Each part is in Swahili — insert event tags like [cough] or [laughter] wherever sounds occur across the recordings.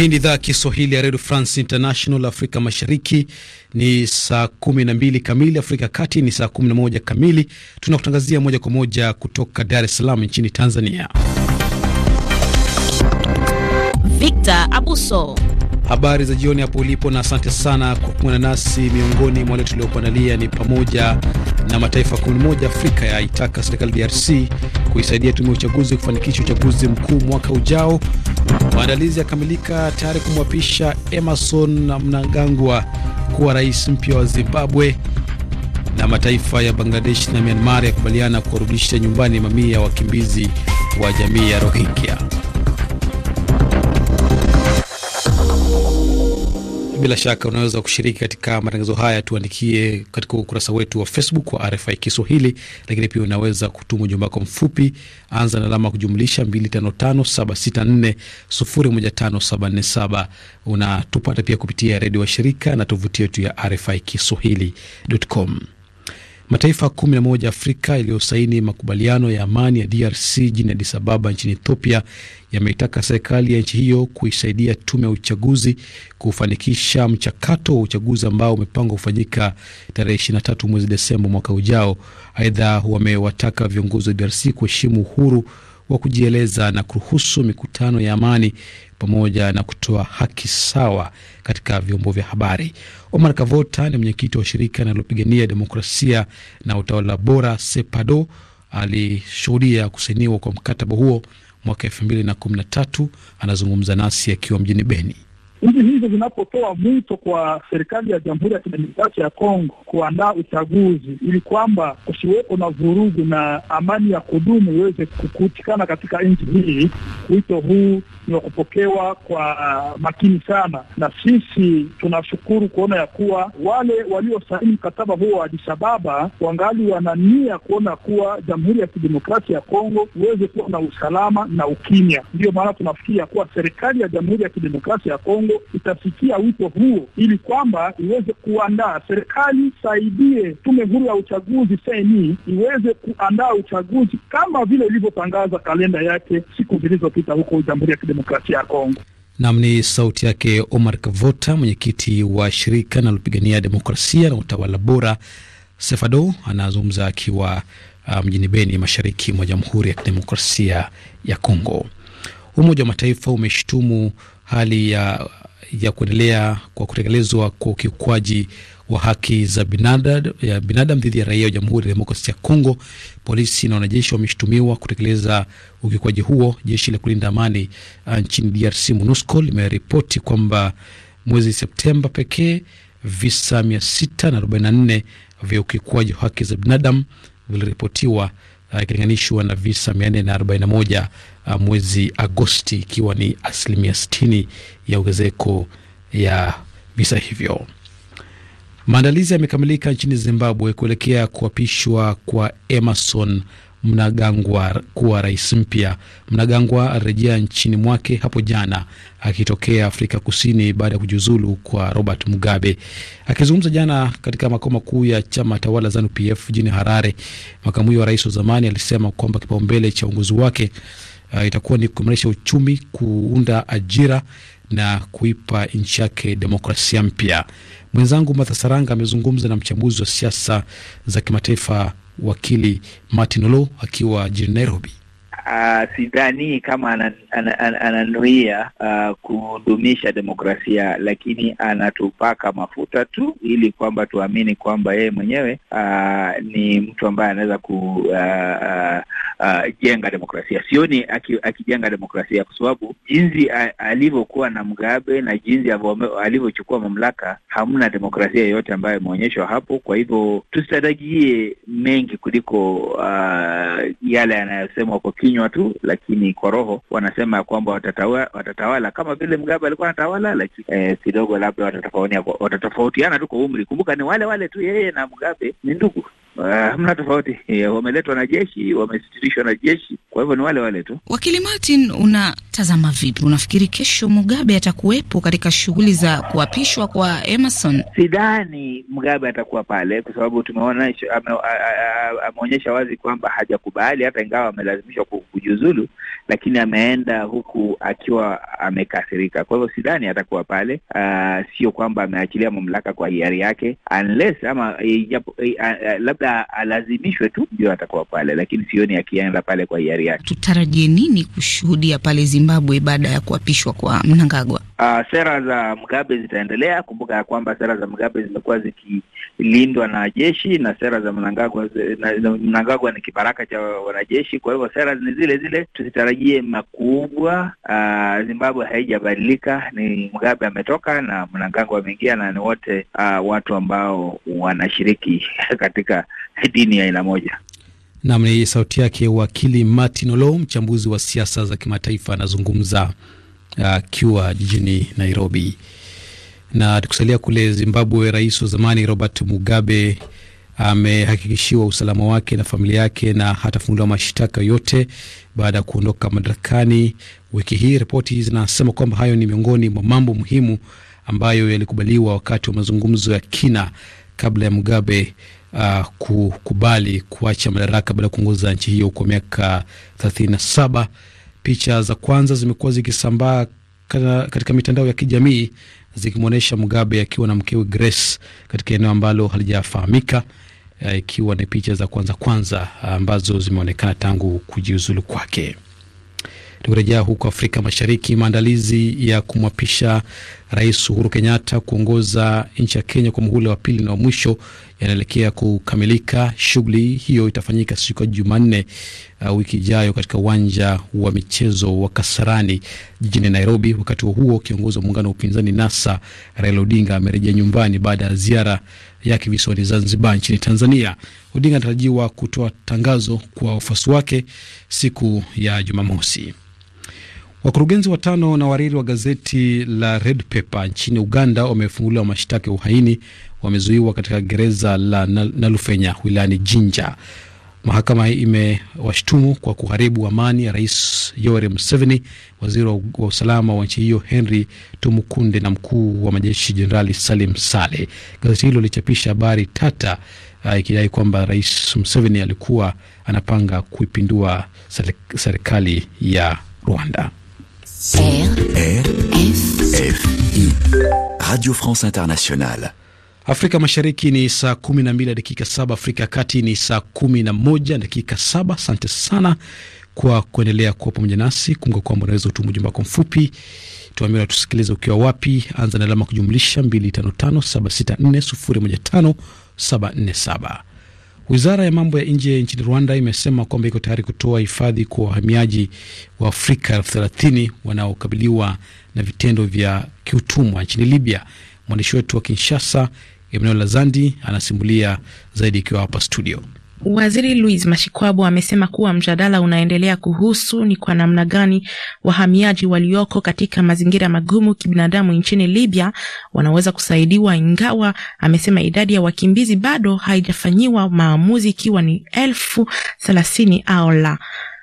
Hii ni idhaa ya Kiswahili ya redio France International. Afrika Mashariki ni saa 12 kamili, Afrika ya Kati ni saa 11 kamili. Tunakutangazia moja kwa moja kutoka Dar es Salaam nchini Tanzania. Victor Abuso Habari za jioni hapo ulipo, na asante sana kwa kuungana nasi. Miongoni mwa wale tuliokuandalia ni pamoja na mataifa 11 Afrika yaitaka serikali DRC kuisaidia tume ya uchaguzi kufanikisha uchaguzi mkuu mwaka ujao. Maandalizi yakamilika tayari kumwapisha Emerson Mnangagwa kuwa rais mpya wa Zimbabwe, na mataifa ya Bangladesh na Myanmar yakubaliana kuwarudisha nyumbani mamia ya wakimbizi wa jamii ya Rohingya. Bila shaka unaweza kushiriki katika matangazo haya, tuandikie katika ukurasa wetu wa Facebook wa RFI Kiswahili, lakini pia unaweza kutuma ujumbe wako mfupi, anza na alama kujumlisha 255764015747. Unatupata pia kupitia redio wa shirika na tovuti yetu ya RFI Kiswahili.com. Mataifa kumi na moja Afrika yaliyosaini makubaliano ya amani ya DRC jini Addis Ababa nchini Ethiopia yameitaka serikali ya nchi hiyo kuisaidia tume ya uchaguzi kufanikisha mchakato wa uchaguzi ambao umepangwa kufanyika tarehe 23 mwezi Desemba mwaka ujao. Aidha, wamewataka viongozi wa DRC kuheshimu uhuru wa kujieleza na kuruhusu mikutano ya amani pamoja na kutoa haki sawa katika vyombo vya habari. Omar Kavota ni mwenyekiti wa shirika linalopigania demokrasia na utawala bora SEPADO alishuhudia kusainiwa kwa mkataba huo mwaka elfu mbili na kumi na tatu. Anazungumza nasi akiwa mjini Beni. Nchi hizo zinapotoa mwito kwa serikali ya Jamhuri ya Kidemokrasia ya Kongo kuandaa uchaguzi ili kwamba kusiwepo na vurugu na amani ya kudumu iweze kukutikana katika nchi hii, wito huu tumekupokewa kwa uh, makini sana, na sisi tunashukuru kuona ya kuwa wale waliosaini mkataba huo wa Addis Ababa wangali wana nia kuona kuwa Jamhuri ya Kidemokrasia ya Kongo uweze kuwa na usalama na ukimya. Ndiyo maana tunafikiri ya kuwa serikali ya Jamhuri ya Kidemokrasia ya Kongo itasikia wito huo, ili kwamba iweze kuandaa serikali saidie tume huru ya uchaguzi seni iweze kuandaa uchaguzi kama vile ilivyotangaza kalenda yake siku zilizopita huko Jamhuri ya Kidemokrasia Kidemokrasia ya Kongo. Nam ni sauti yake Omar Kavota, mwenyekiti wa shirika linalopigania demokrasia na utawala bora Sefado, anazungumza akiwa ah, mjini um, Beni, mashariki mwa Jamhuri ya Kidemokrasia ya Kongo. Umoja wa Mataifa umeshtumu hali ya, ya kuendelea kwa kutekelezwa kwa ukiukwaji wa haki za binadamu binadam dhidi ya raia wa Jamhuri ya Demokrasia ya Kongo. Polisi na wanajeshi wameshutumiwa kutekeleza ukiukwaji huo. Jeshi la kulinda amani uh, nchini DRC MONUSCO limeripoti kwamba mwezi Septemba pekee visa 644 vya ukiukwaji wa haki za binadamu viliripotiwa uh, ikilinganishwa uh, na visa 441 uh, mwezi Agosti, ikiwa ni asilimia 60 ya ongezeko ya visa hivyo. Maandalizi yamekamilika nchini Zimbabwe kuelekea kuapishwa kwa Emerson Mnangagwa kuwa rais mpya. Mnangagwa alirejea nchini mwake hapo jana akitokea Afrika Kusini baada ya kujiuzulu kwa Robert Mugabe. Akizungumza jana katika makao makuu ya chama tawala ZANUPF jijini Harare, makamu huyo wa rais wa zamani alisema kwamba kipaumbele cha uongozi wake uh, itakuwa ni kuimarisha uchumi, kuunda ajira na kuipa nchi yake demokrasia mpya. Mwenzangu mathasaranga Saranga amezungumza na mchambuzi wa siasa za kimataifa wakili Martin Olo akiwa jijini Nairobi uh, sidhani kama ananuia an, an, ananuia uh, kudumisha demokrasia, lakini anatupaka mafuta tu ili kwamba tuamini kwamba yeye mwenyewe uh, ni mtu ambaye anaweza kujenga ah, uh, uh, demokrasia. Sioni akijenga aki demokrasia, kwa sababu jinsi alivyokuwa na Mugabe na jinsi alivyochukua mamlaka, hamna demokrasia yoyote ambayo imeonyeshwa hapo. Kwa hivyo tusitarajie mengi kuliko uh, yale yanayosemwa kwa kinywa tu, lakini kwa roho wanasema ya kwamba watatawala, watatawala kama vile mgabe alikuwa anatawala, lakini eh, kidogo labda watatofautiana tu kwa umri. Kumbuka ni wale wale tu, yeye na mgabe ni ndugu hamna ah, uh, tofauti. Eh, wameletwa na jeshi, wamesitirishwa na jeshi, kwa hivyo ni wale wale tu. Wakili Martin, unatazama vipi? Unafikiri kesho Mugabe atakuwepo katika shughuli za kuapishwa kwa Emerson? Sidhani Mugabe atakuwa pale, kwa sababu tumeona ameonyesha wazi kwamba hajakubali, hata ingawa amelazimishwa kujiuzulu, lakini ameenda huku akiwa amekasirika. Kwa hivyo sidhani atakuwa pale. Uh, sio kwamba ameachilia mamlaka kwa hiari yake unless ama eh, eh, labda alazimishwe tu ndio atakuwa pale, lakini sioni akienda pale kwa hiari yake. Tutarajie nini kushuhudia pale Zimbabwe baada ya kuapishwa kwa Mnangagwa? Uh, sera za Mugabe zitaendelea. Kumbuka ya kwamba sera za Mugabe zimekuwa ziki lindwa na jeshi na sera za Mnangagwa. Mnangagwa ni kibaraka cha wanajeshi, kwa hivyo sera ni zile zile, tusitarajie makubwa. Uh, Zimbabwe haijabadilika, ni mgabe ametoka na Mnangagwa ameingia, na ni wote ah, watu ambao wanashiriki [laughs] katika dini ya aina moja. Nam ni sauti yake wakili Martin Olo, mchambuzi wa siasa za kimataifa, anazungumza ah, akiwa jijini Nairobi. Na tukisalia kule Zimbabwe, rais wa zamani Robert Mugabe amehakikishiwa usalama wake na familia yake na hatafunguliwa mashtaka yote baada ya kuondoka madarakani wiki hii. Ripoti zinasema kwamba hayo ni miongoni mwa mambo muhimu ambayo yalikubaliwa wakati wa mazungumzo ya kina kabla ya Mugabe uh, kukubali kuacha madaraka baada ya kuongoza nchi hiyo kwa miaka 37. Picha za kwanza zimekuwa zikisambaa katika mitandao ya kijamii zikimwonyesha Mugabe akiwa na mkewe Grace katika eneo ambalo halijafahamika, eh, ikiwa ni picha za kwanza kwanza eh, ambazo zimeonekana tangu kujiuzulu kwake. Tukirejea huko Afrika Mashariki, maandalizi ya kumwapisha Rais Uhuru Kenyatta kuongoza nchi ya Kenya kwa muhula wa pili na wa mwisho yanaelekea kukamilika. Shughuli hiyo itafanyika siku ya Jumanne uh, wiki ijayo katika uwanja wa michezo wa Kasarani jijini Nairobi. Wakati huo kiongozi wa muungano wa upinzani NASA Raila Odinga amerejea nyumbani baada ya ziara yake visiwani Zanzibar nchini Tanzania. Odinga anatarajiwa kutoa tangazo kwa wafuasi wake siku ya Jumamosi. Wakurugenzi watano na wariri wa gazeti la Red Pepper nchini Uganda wamefunguliwa mashtaka ya uhaini wamezuiwa katika gereza la Nalufenya wilayani Jinja. Mahakama imewashtumu kwa kuharibu amani ya Rais Yoweri Museveni, waziri wa usalama wa nchi hiyo Henry Tumukunde na mkuu wa majeshi Jenerali Salim Saleh. Gazeti hilo lilichapisha habari tata uh, ikidai kwamba Rais Museveni alikuwa anapanga kuipindua serikali ya Rwanda. Radio France Internationale Afrika Mashariki ni saa kumi na mbili na dakika saba. Afrika ya Kati ni saa kumi na moja dakika saba. Asante sana kwa kuendelea kuwa pamoja nasi. Kumbuka kwamba unaweza utuma ujumbe wako mfupi, tuambie unatusikiliza ukiwa wapi. Anza na alama kujumlisha 255764015747. Wizara ya mambo ya nje nchini Rwanda imesema kwamba iko tayari kutoa hifadhi kwa wahamiaji wa Afrika elfu thelathini wanaokabiliwa na vitendo vya kiutumwa nchini Libya. Mwandishi wetu wa Kinshasa Emmanuel Lazandi anasimulia zaidi ikiwa hapa studio. Waziri Louis Mashikwabo amesema kuwa mjadala unaendelea kuhusu ni kwa namna gani wahamiaji walioko katika mazingira magumu kibinadamu nchini Libya wanaweza kusaidiwa, ingawa amesema idadi ya wakimbizi bado haijafanyiwa maamuzi ikiwa ni elfu thelathini au la.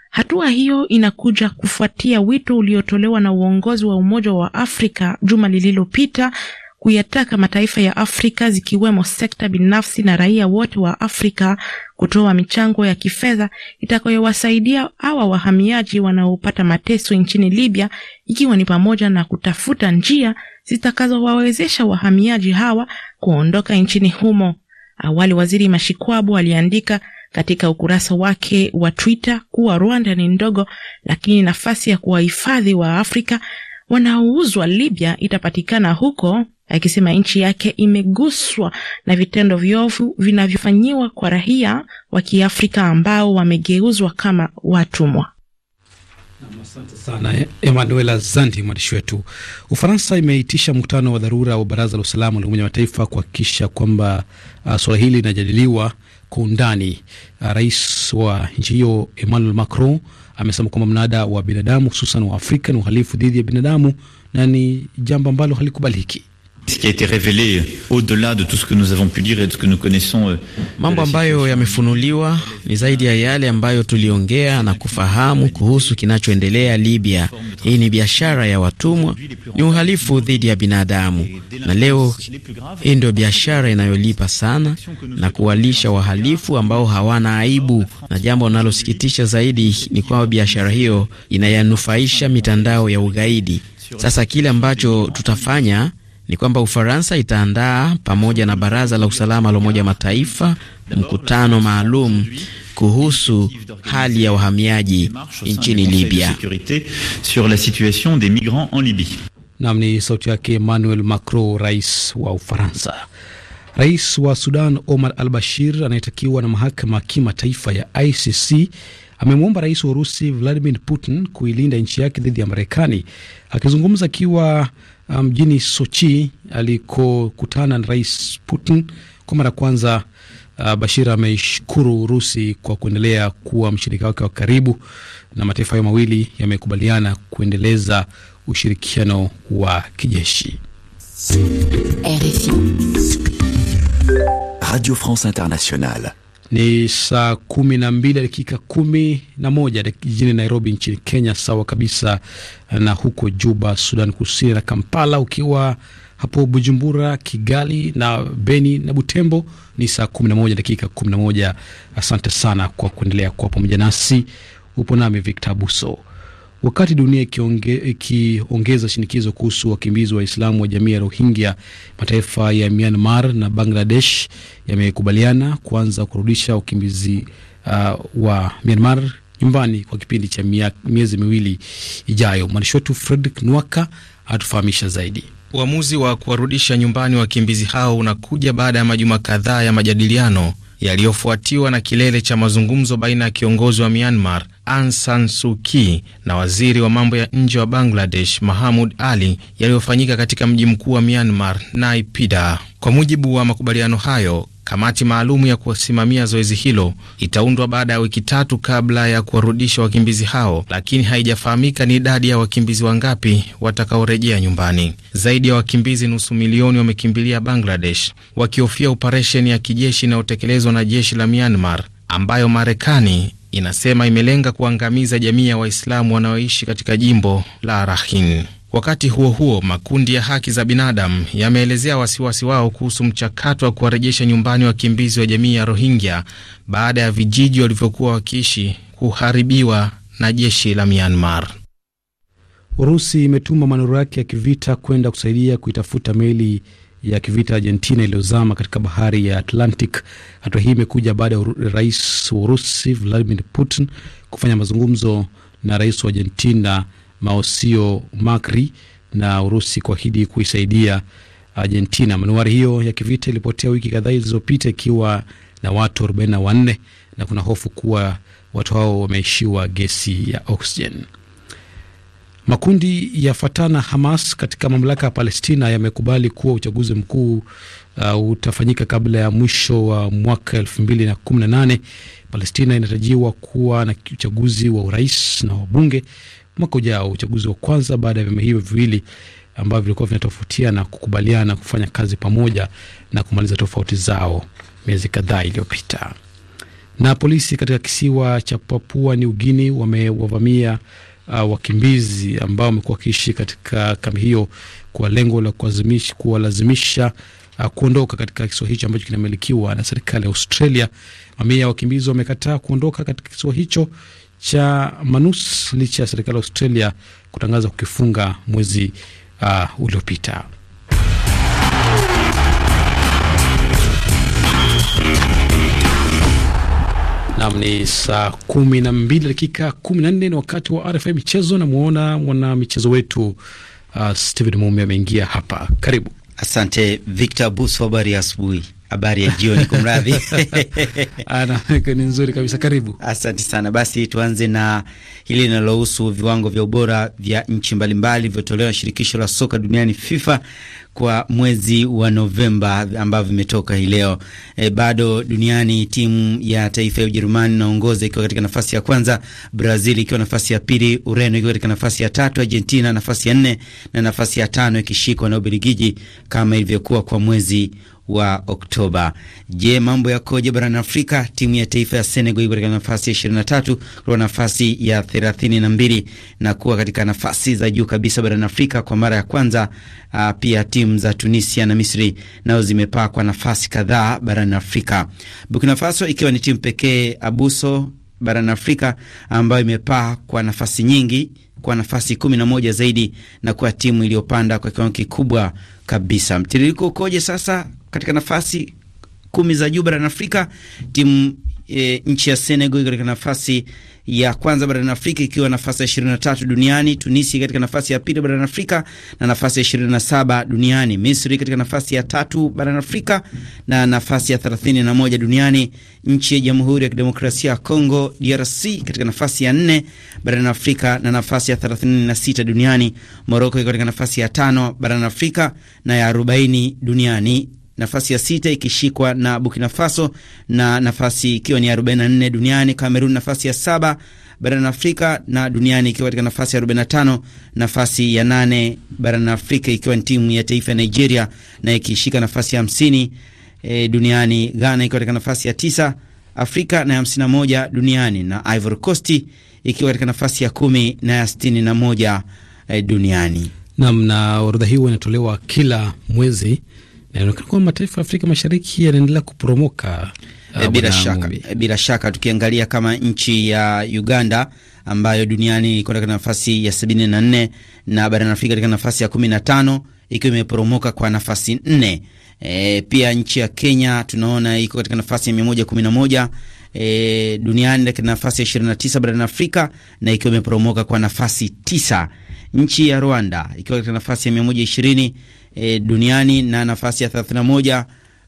Hatua hiyo inakuja kufuatia wito uliotolewa na uongozi wa Umoja wa Afrika juma lililopita kuyataka mataifa ya Afrika zikiwemo sekta binafsi na raia wote wa Afrika kutoa michango ya kifedha itakayowasaidia hawa wahamiaji wanaopata mateso nchini Libya, ikiwa ni pamoja na kutafuta njia zitakazowawezesha wahamiaji hawa kuondoka nchini humo. Awali Waziri Mashikwabu aliandika katika ukurasa wake wa Twitter kuwa Rwanda ni ndogo, lakini nafasi ya kuwahifadhi wa Afrika wanaouzwa Libya itapatikana huko akisema nchi yake imeguswa na vitendo viovu vinavyofanyiwa kwa raia wa Kiafrika ambao wamegeuzwa kama watumwa. Asante sana emanuel Zandi, mwandishi wetu. Ufaransa imeitisha mkutano wa dharura wa baraza la usalama la Umoja wa Mataifa kuhakikisha kwamba uh, suala hili linajadiliwa kwa undani. Uh, rais wa nchi hiyo Emmanuel Macron amesema kwamba mnada wa binadamu hususan wa Afrika ni uhalifu dhidi ya binadamu na ni jambo ambalo halikubaliki ce qui a été révélé au-delà de tout ce que nous avons pu dire et de ce que nous connaissons. Euh, Mambo ambayo yamefunuliwa ni zaidi ya yale ambayo tuliongea na kufahamu kuhusu kinachoendelea Libya. Hii ni biashara ya watumwa, ni uhalifu dhidi ya binadamu, na leo hii ndio biashara inayolipa sana na kuwalisha wahalifu ambao hawana aibu, na jambo linalosikitisha zaidi ni kwamba biashara hiyo inayanufaisha mitandao ya ugaidi. Sasa kile ambacho tutafanya ni kwamba Ufaransa itaandaa pamoja na Baraza la Usalama la Umoja Mataifa mkutano maalum kuhusu hali ya wahamiaji nchini Libya. Nam ni sauti yake Emmanuel Macron, rais wa Ufaransa. Rais wa Sudan Omar al Bashir anayetakiwa na mahakama kimataifa ya ICC amemwomba rais wa Urusi Vladimir Putin kuilinda nchi yake dhidi ya Marekani. Akizungumza akiwa Um, mjini um, Sochi alikokutana na Rais Putin kwa mara ya kwanza. Uh, Bashir ameshukuru Urusi kwa kuendelea kuwa mshirika wake wa karibu, na mataifa hayo mawili yamekubaliana kuendeleza ushirikiano wa kijeshi. RFI Radio France Internationale ni saa kumi na mbili dakika kumi na moja jijini Nairobi nchini Kenya, sawa kabisa eh, na huko Juba, Sudan Kusini na Kampala. Ukiwa hapo Bujumbura, Kigali na Beni na Butembo ni saa kumi na moja dakika kumi na moja. Asante sana kwa kuendelea kuwa pamoja nasi. Upo nami Victor Buso. Wakati dunia ikiongeza shinikizo kuhusu wakimbizi Waislamu wa jamii ya Rohingya, mataifa ya Myanmar na Bangladesh yamekubaliana kuanza kurudisha wakimbizi uh, wa Myanmar nyumbani kwa kipindi cha miezi miwili ijayo. Mwandishi wetu Fredrik Nwaka atufahamisha zaidi. Uamuzi wa kuwarudisha nyumbani wakimbizi hao unakuja baada ya majuma kadhaa ya majadiliano yaliyofuatiwa na kilele cha mazungumzo baina ya kiongozi wa Myanmar Aung San Suu Kyi na waziri wa mambo ya nje wa Bangladesh Mahamud Ali yaliyofanyika katika mji mkuu wa Myanmar naipida Kwa mujibu wa makubaliano hayo Kamati maalumu ya kusimamia zoezi hilo itaundwa baada ya wiki tatu kabla ya kuwarudisha wakimbizi hao, lakini haijafahamika ni idadi ya wakimbizi wangapi watakaorejea nyumbani. Zaidi ya wakimbizi nusu milioni wamekimbilia Bangladesh wakihofia operesheni ya kijeshi inayotekelezwa na jeshi la Myanmar ambayo Marekani inasema imelenga kuangamiza jamii ya Waislamu wanaoishi katika jimbo la Rakhine. Wakati huo huo, makundi ya haki za binadamu yameelezea wasiwasi wao kuhusu mchakato wa kuwarejesha nyumbani wakimbizi wa jamii ya Rohingya baada ya vijiji walivyokuwa wakiishi kuharibiwa na jeshi la Myanmar. Urusi imetuma manoro yake ya kivita kwenda kusaidia kuitafuta meli ya kivita Argentina iliyozama katika bahari ya Atlantic. Hatua hii imekuja baada ya rais wa Urusi Vladimir Putin kufanya mazungumzo na rais wa Argentina Maosio Macri na Urusi kuahidi kuisaidia Argentina. Manuari hiyo ya kivita ilipotea wiki kadhaa zilizopita ikiwa na watu 44 na kuna hofu kuwa watu hao wameishiwa gesi ya oksijeni. Makundi ya Fatah na Hamas katika mamlaka ya Palestina yamekubali kuwa uchaguzi mkuu uh, utafanyika kabla ya mwisho wa mwaka elfu mbili na kumi na nane. Palestina inatarajiwa kuwa na uchaguzi wa urais na wabunge mwaka ujao, uchaguzi wa kwanza baada ya vyama hivyo viwili ambavyo vilikuwa vinatofautiana kukubaliana kufanya kazi pamoja na kumaliza tofauti zao miezi kadhaa iliyopita. Na polisi katika kisiwa cha Papua New Guinea wamewavamia uh, wakimbizi ambao wamekuwa wakiishi katika kambi hiyo kwa lengo la kuwalazimisha uh, kuondoka katika kisiwa hicho ambacho kinamilikiwa na serikali ya Australia. Mamia ya wakimbizi wamekataa kuondoka katika kisiwa hicho cha Manus licha ya serikali ya Australia kutangaza kukifunga mwezi uh, uliopita. Nam ni saa kumi na mbili dakika kumi na nne ni wakati wa RFI michezo. Namwona mwana michezo wetu uh, Steven Mume ameingia hapa, karibu. Asante Victor Busu, habari ya asubuhi. Habari ya jioni, kumradhi. [laughs] Ni nzuri kabisa, karibu. Asante sana. Basi tuanze na hili linalohusu viwango vya ubora vya nchi mbalimbali vilivyotolewa na shirikisho la soka duniani FIFA kwa mwezi wa Novemba ambavyo vimetoka hii leo. E, bado duniani timu ya taifa ya Ujerumani inaongoza ikiwa katika nafasi ya kwanza, Brazil ikiwa nafasi ya pili, Ureno ikiwa katika nafasi ya tatu, Argentina nafasi ya nne na nafasi ya tano ikishikwa na Ubelgiji kama ilivyokuwa kwa mwezi wa Oktoba. Je, mambo yakoje barani Afrika? Timu ya taifa ya Senegal iko katika nafasi ya 23 kutoka nafasi ya 32 na na kuwa katika nafasi za juu kabisa barani Afrika kwa mara ya kwanza. Uh, pia timu za Tunisia na Misri nazo zimepaa kwa nafasi kadhaa barani Afrika, Burkina Faso ikiwa ni timu pekee abuso barani Afrika ambayo imepaa kwa nafasi nyingi kwa nafasi kumi na moja zaidi na kuwa timu iliyopanda kwa kiwango kikubwa kabisa. Mtiririko ukoje sasa katika nafasi kumi za juu barani Afrika. Timu e, nchi ya Senegal katika nafasi ya kwanza barani Afrika ikiwa nafasi ya ishirini na tatu duniani. Tunisia katika nafasi ya pili barani Afrika na nafasi ya ishirini na saba duniani. Misri katika nafasi ya tatu barani Afrika na nafasi ya thelathini na moja duniani. Nchi ya Jamhuri ya Kidemokrasia ya Kongo DRC katika nafasi ya nne barani Afrika na nafasi ya thelathini na sita duniani. Moroko iko katika nafasi ya tano barani Afrika na ya arobaini duniani nafasi ya sita ikishikwa na Burkina Faso na nafasi ikiwa ni 44 duniani. Kamerun nafasi ya saba barani Afrika na duniani ikiwa katika nafasi ya 45. Nafasi ya nane barani Afrika ikiwa ni timu ya taifa ya Nigeria na ikishika nafasi ya 50 e, duniani. Ghana ikiwa katika nafasi ya tisa Afrika na ya 51 duniani na Ivory Coast ikiwa katika nafasi ya kumi na ya 61 e, duniani. Nam na orodha hiyo inatolewa kila mwezi Eh, inaonekana kwamba mataifa ya Afrika Mashariki yanaendelea kuporomoka. E, eh, eh, bila shaka, bila shaka tukiangalia kama nchi ya Uganda ambayo duniani ilikuwa katika nafasi ya 74 na barani Afrika katika nafasi ya 15 ikiwa imeporomoka kwa nafasi nne. E, pia nchi ya Kenya tunaona iko katika nafasi ya 111 e, duniani katika nafasi ya 29 barani Afrika na ikiwa imeporomoka kwa nafasi tisa. Nchi ya Rwanda ikiwa katika nafasi ya 120 e, duniani na nafasi ya 31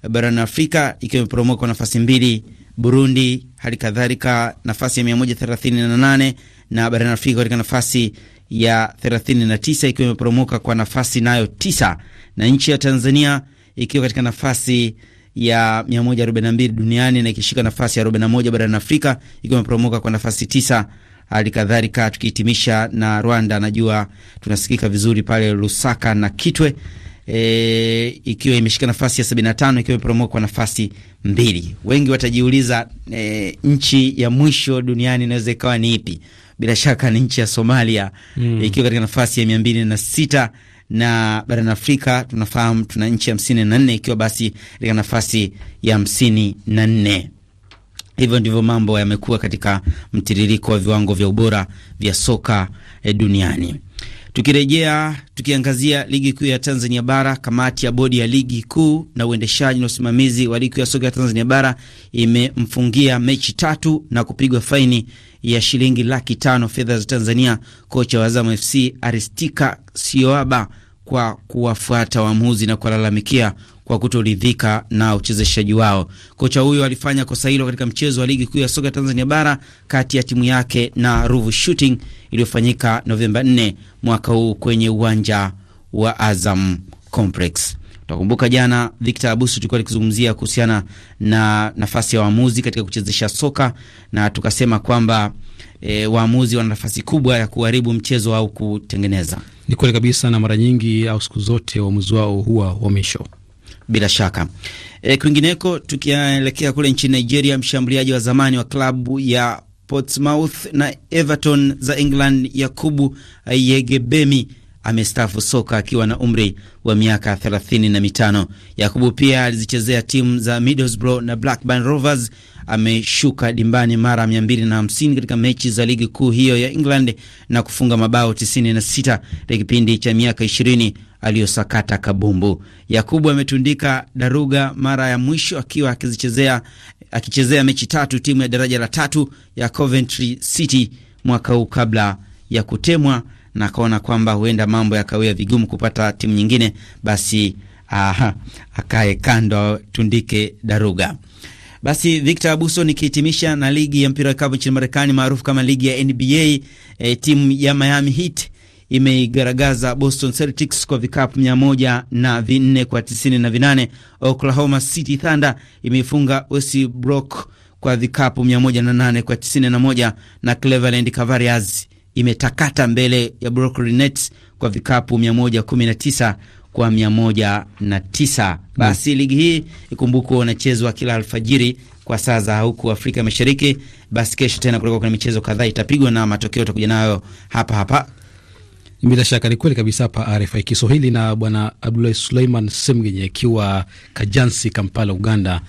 barani Afrika ikiwa imeporomoka kwa nafasi mbili Burundi, hali kadhalika nafasi ya 138 na barani Afrika katika nafasi ya 39 ikiwa imeporomoka kwa nafasi nayo tisa, na nchi ya Tanzania ikiwa katika nafasi ya 142 duniani na ikishika nafasi ya 41 barani Afrika ikiwa imeporomoka kwa nafasi tisa. Hali kadhalika tukihitimisha na Rwanda, najua tunasikika vizuri pale Lusaka na Kitwe e, ikiwa imeshika nafasi ya 75 ikiwa imeporomoka kwa nafasi mbili. Wengi watajiuliza e, nchi ya mwisho duniani inaweza ikawa ni ipi? Bila shaka ni nchi ya Somalia mm. ikiwa katika nafasi ya 206 na barani Afrika tunafahamu tuna nchi hamsini na nne ikiwa basi katika nafasi ya hamsini na nne. Hivyo ndivyo mambo yamekuwa katika mtiririko wa viwango vya ubora vya soka eh, duniani. Tukirejea tukiangazia ligi kuu ya Tanzania bara, kamati ya bodi ya ligi kuu na uendeshaji na usimamizi wa ligi kuu ya soka ya Tanzania bara imemfungia mechi tatu na kupigwa faini ya shilingi laki tano fedha za Tanzania kocha wa Azam FC Aristika Sioaba kwa kuwafuata waamuzi na kuwalalamikia kwa kutoridhika na uchezeshaji wao. Kocha huyo alifanya kosa hilo katika mchezo wa ligi kuu ya soka Tanzania bara kati ya timu yake na Ruvu Shooting iliyofanyika Novemba 4 mwaka huu kwenye uwanja wa Azam Complex. Tukumbuka jana, Victor Abusu, tulikuwa tukizungumzia kuhusiana na nafasi ya waamuzi katika kuchezesha soka na tukasema kwamba e, waamuzi wana nafasi kubwa ya kuharibu mchezo au kutengeneza. Ni kweli kabisa, na mara nyingi au siku zote waamuzi wao huwa wa mwisho bila shaka. E, kwingineko tukielekea kule nchini Nigeria, mshambuliaji wa zamani wa klabu ya Portsmouth na Everton za England Yakubu Yegebemi amestaafu soka akiwa na umri wa miaka thelathini na mitano. Yakubu pia alizichezea timu za Middlesbrough na Blackburn Rovers. Ameshuka dimbani mara 250 katika mechi za ligi kuu hiyo ya England na kufunga mabao 96 katika kipindi cha miaka 20 aliyosakata kabumbu. Yakubu ametundika daruga mara ya mwisho akiwa akizichezea akichezea mechi tatu timu ya daraja la tatu ya Coventry City mwaka huu kabla ya kutemwa, na akaona kwamba huenda mambo yakawia vigumu kupata timu nyingine, basi aha, akae kando atundike daruga. Basi Victor Abuso, nikihitimisha na ligi ya mpira wa kikapu nchini Marekani maarufu kama ligi ya NBA, e, eh, timu ya Miami Heat imeigaragaza Boston Celtics kwa vikapu mia moja na vinne kwa tisini na vinane. Oklahoma City Thunder imeifunga Westbrook kwa vikapu mia moja na nane kwa tisini na moja na Cleveland Cavaliers imetakata mbele ya Brooklyn Nets kwa vikapu mia moja kumi na tisa kwa mia moja na tisa. Basi ligi hii ikumbukwe, wanachezwa kila alfajiri kwa saa za huku Afrika Mashariki. Basi kesho tena kutakuwa kuna michezo kadhaa itapigwa na matokeo utakuja nayo hapa hapa bila shaka ni kweli kabisa hapa RFI Kiswahili na Bwana Abdulahi Suleiman Semgenye akiwa Kajansi, Kampala, Uganda,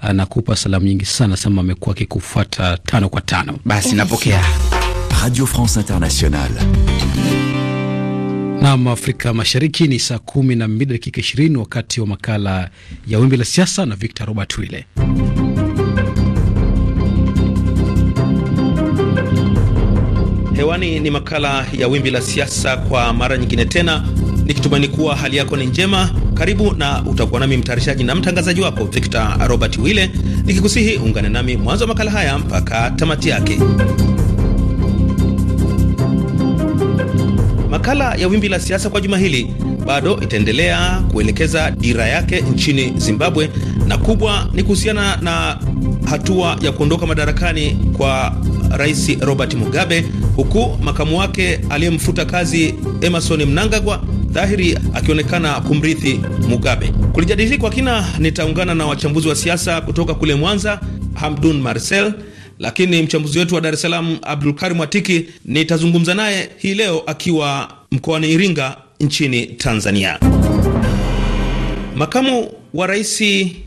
anakupa salamu nyingi sana sema amekuwa akikufuata tano kwa tano. Basi napokea. Radio France Internationale. Nam Afrika Mashariki ni saa kumi na mbili dakika ishirini wakati wa makala ya wimbi la siasa na Victor Robert Wile. Hewani ni makala ya Wimbi la Siasa kwa mara nyingine tena, nikitumaini kuwa hali yako ni njema. Karibu na utakuwa nami mtayarishaji na mtangazaji wako Victor Robert Wille, nikikusihi ungane nami mwanzo wa makala haya mpaka tamati yake. Makala ya Wimbi la Siasa kwa juma hili bado itaendelea kuelekeza dira yake nchini Zimbabwe, na kubwa ni kuhusiana na hatua ya kuondoka madarakani kwa Rais Robert Mugabe huku makamu wake aliyemfuta kazi Emerson Mnangagwa dhahiri akionekana kumrithi Mugabe. Kulijadili kwa kina, nitaungana na wachambuzi wa siasa kutoka kule Mwanza, Hamdun Marcel, lakini mchambuzi wetu wa Dar es Salaam Karim Watiki nitazungumza naye hii leo akiwa mkoani Iringa nchini Tanzania. Makamu wa rais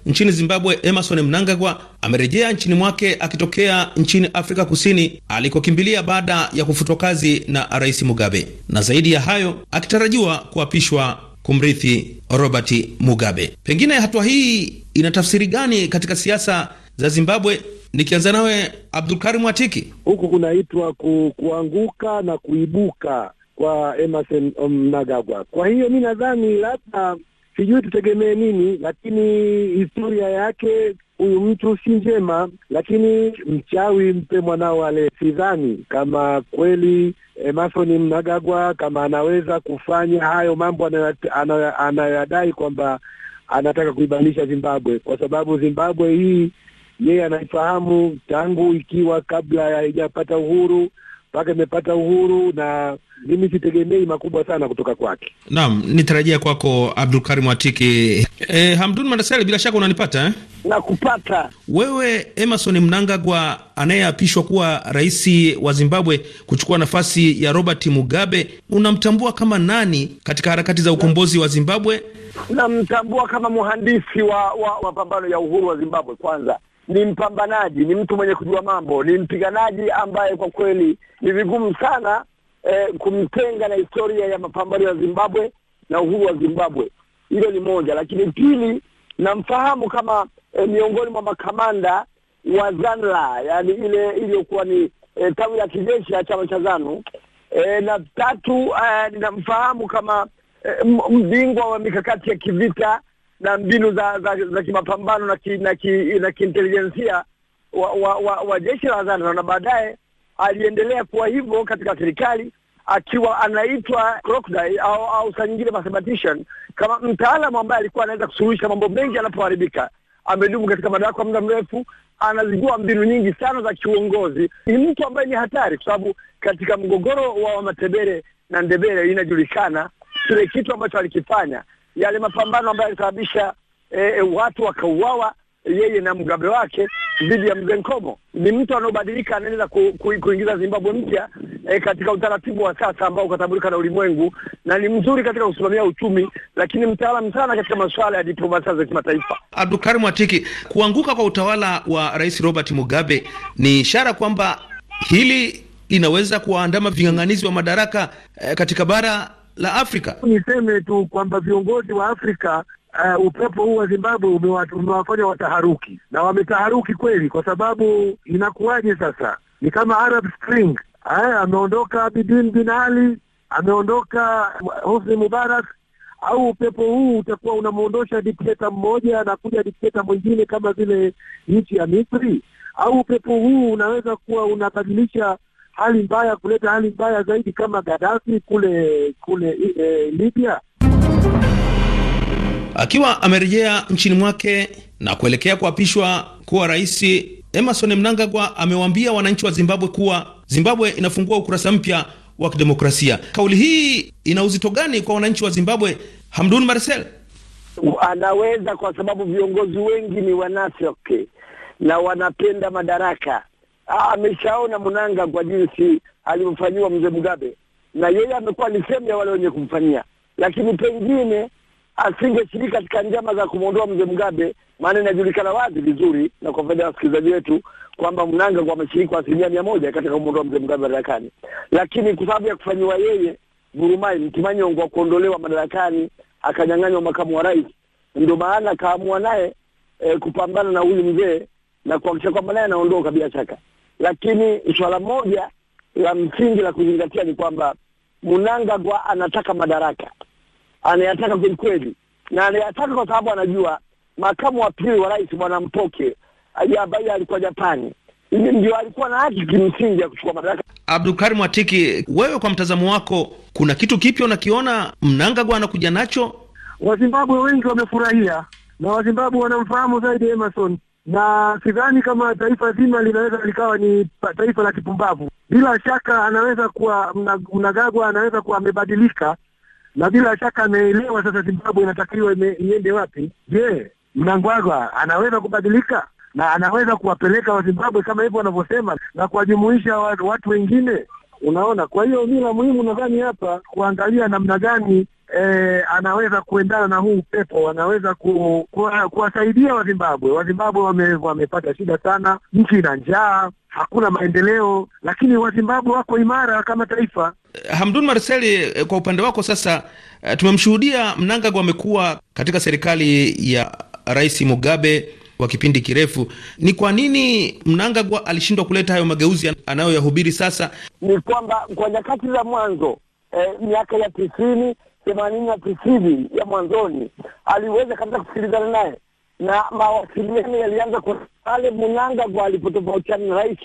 nchini Zimbabwe Emerson Mnangagwa amerejea nchini mwake akitokea nchini Afrika Kusini alikokimbilia baada ya kufutwa kazi na Rais Mugabe, na zaidi ya hayo akitarajiwa kuapishwa kumrithi Robert Mugabe. Pengine hatua hii ina tafsiri gani katika siasa za Zimbabwe? Nikianza nawe Abdulkarim Mwatiki, huku kunaitwa ku, kuanguka na kuibuka kwa Emerson Mnangagwa. Kwa hiyo mi nadhani labda sijui tutegemee nini, lakini historia yake huyu mtu si njema, lakini mchawi mpe mwanao ale. Sidhani kama kweli Emerson eh, Mnagagwa kama anaweza kufanya hayo mambo anayoyadai kwamba anataka kuibanisha Zimbabwe, kwa sababu Zimbabwe hii yeye anaifahamu tangu ikiwa kabla haijapata uhuru mpaka imepata uhuru, na mimi sitegemei makubwa sana kutoka kwake. Naam, nitarajia kwako Karim Watiki. E, eh, Hamdun Mandasali, bila shaka unanipata eh? Nakupata wewe. Emerson Mnangagwa anayeapishwa kuwa rais wa Zimbabwe kuchukua nafasi ya Robert Mugabe, unamtambua kama nani katika harakati za ukombozi wa Zimbabwe? Namtambua kama mhandisi wa mapambano wa, wa ya uhuru wa Zimbabwe kwanza ni mpambanaji, ni mtu mwenye kujua mambo, ni mpiganaji ambaye kwa kweli ni vigumu sana eh, kumtenga na historia ya mapambano ya Zimbabwe na uhuru wa Zimbabwe. Hilo ni moja, lakini pili, namfahamu kama eh, miongoni mwa makamanda wa Zanla, yani ile iliyokuwa ni eh, tawi la kijeshi ya chama cha Zanu eh, na tatu eh, namfahamu kama eh, mbingwa wa mikakati ya kivita na mbinu za za, za kimapambano na ki, na, ki, na kiintelijensia wa, wa, wa, wa jeshi la Zanzibar, na baadaye aliendelea kuwa hivyo katika serikali akiwa anaitwa crocodile au, au saa nyingine mathematician, kama mtaalamu ambaye alikuwa anaweza kusuluhisha mambo mengi anapoharibika. Amedumu katika madaraka kwa muda mrefu, anazijua mbinu nyingi sana za kiuongozi. Ni mtu ambaye ni hatari, kwa sababu katika mgogoro wa Matebere na Ndebere inajulikana kile kitu ambacho alikifanya yale mapambano ambayo yalisababisha e, e watu wakauawa, yeye na mgabe wake dhidi ya Mzee Nkomo. Ni mtu anaobadilika, anaendelea ku, ku, kuingiza Zimbabwe mpya e, katika utaratibu wa sasa ambao ukatambulika na ulimwengu, na ni mzuri katika kusimamia uchumi, lakini mtaalam sana katika masuala ya diplomasia za kimataifa. Abdulkarim Atiki, kuanguka kwa utawala wa Rais Robert Mugabe ni ishara kwamba hili linaweza kuwaandama ving'ang'anizi wa madaraka e, katika bara la Afrika. Niseme tu kwamba viongozi wa Afrika Uh, upepo huu wa Zimbabwe umewafanya wataharuki na wametaharuki kweli, kwa sababu inakuwaje sasa? Ni kama Arab Spring. Aya, eh, ameondoka Abidin Bin Ali, ameondoka Hosni Mubarak, au upepo huu utakuwa unamwondosha dikteta mmoja na kuja dikteta mwingine kama vile nchi ya Misri, au upepo huu unaweza kuwa unabadilisha hali mbaya, kuleta hali mbaya zaidi kama Gaddafi kule kule e, Libya. Akiwa amerejea nchini mwake na kuelekea kuapishwa kuwa rais, Emerson Mnangagwa amewaambia wananchi wa Zimbabwe kuwa Zimbabwe inafungua ukurasa mpya wa kidemokrasia. Kauli hii ina uzito gani kwa wananchi wa Zimbabwe? Hamdun Marcel anaweza, kwa sababu viongozi wengi ni wanafiki na wanapenda madaraka Ah, ameshaona Mnanga kwa jinsi alimfanyiwa mzee Mugabe, na yeye amekuwa ni sehemu ya wale wenye kumfanyia, lakini pengine asingeshiriki katika njama za kumwondoa mzee Mugabe, maana inajulikana wazi vizuri na kwa faida ya wasikilizaji wetu kwamba Mnanga kwa ameshiriki kwa asilimia mia moja katika kumwondoa mzee Mugabe madarakani, lakini kwa sababu ya kufanyiwa yeye burumai Mtimanyongo wa kuondolewa madarakani akanyang'anywa makamu wa rais, ndio maana akaamua naye e, kupambana na huyu mzee na kuhakikisha kwamba naye anaondoka bila shaka. Lakini swala moja la msingi la kuzingatia ni kwamba Mnangagwa anataka madaraka, anayataka kwelikweli, na anayataka kwa sababu anajua makamu wa pili wa rais bwana Mpoke ambaye alikuwa Japani, hivi ndio alikuwa na haki kimsingi ya kuchukua madaraka. Abdulkarim Atiki, wewe kwa mtazamo wako, kuna kitu kipya unakiona Mnangagwa anakuja nacho? Wazimbabwe wengi wamefurahia na Wazimbabwe wanamfahamu zaidi Emerson na sidhani kama taifa zima linaweza likawa ni taifa la kipumbavu. Bila shaka anaweza kuwa Mnagagwa anaweza kuwa amebadilika, na bila shaka ameelewa sasa Zimbabwe inatakiwa iende wapi. Je, Mnangagwa anaweza kubadilika na anaweza kuwapeleka Wazimbabwe kama hivyo wanavyosema na kuwajumuisha watu wengine? Unaona, kwa hiyo mi la muhimu nadhani hapa kuangalia namna gani eh, anaweza kuendana na huu upepo, anaweza ku, kuwasaidia Wazimbabwe. Wazimbabwe wame, wamepata shida sana, nchi ina njaa, hakuna maendeleo, lakini Wazimbabwe wako imara kama taifa. Hamdun Marseli, e, kwa upande wako sasa, e, tumemshuhudia Mnangagwa amekuwa katika serikali ya Rais Mugabe kwa kipindi kirefu. Ni kwa nini Mnangagwa alishindwa kuleta hayo mageuzi anayoyahubiri sasa? Ni kwamba kwa nyakati za mwanzo eh, miaka ya tisini themanini na tisini ya mwanzoni aliweza kabisa kusikilizana naye na mawasiliano yalianza kwa pale Mnangagwa alipotofautiana na rais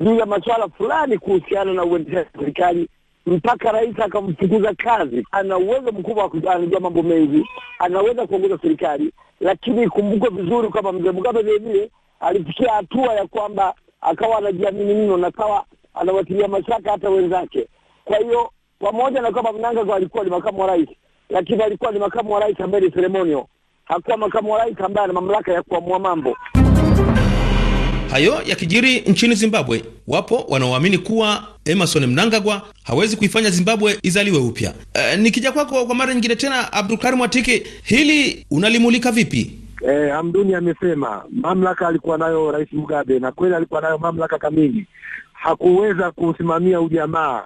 juu ya masuala fulani kuhusiana na uendeshaji wa serikali mpaka rais akamfukuza kazi. Ana uwezo mkubwa, anajua mambo mengi, anaweza kuongoza serikali, lakini ikumbukwe vizuri kwamba mzee Mugabe vilevile alifikia hatua ya kwamba akawa anajiamini mno na akawa anawatilia mashaka hata wenzake. Kwa hiyo pamoja na kwamba Mnangagwa alikuwa ni makamu wa rais, lakini alikuwa ni makamu wa rais ambaye ni seremonio, hakuwa makamu wa rais ambaye ana mamlaka ya kuamua mambo hayo yakijiri nchini Zimbabwe, wapo wanaoamini kuwa Emerson Mnangagwa hawezi kuifanya Zimbabwe izaliwe upya. E, nikija kwako kwa mara nyingine tena, Abdulkarim Atiki, hili unalimulika vipi? Eh, Hamduni amesema mamlaka alikuwa nayo Rais Mugabe, na kweli alikuwa nayo mamlaka kamili, hakuweza kusimamia ujamaa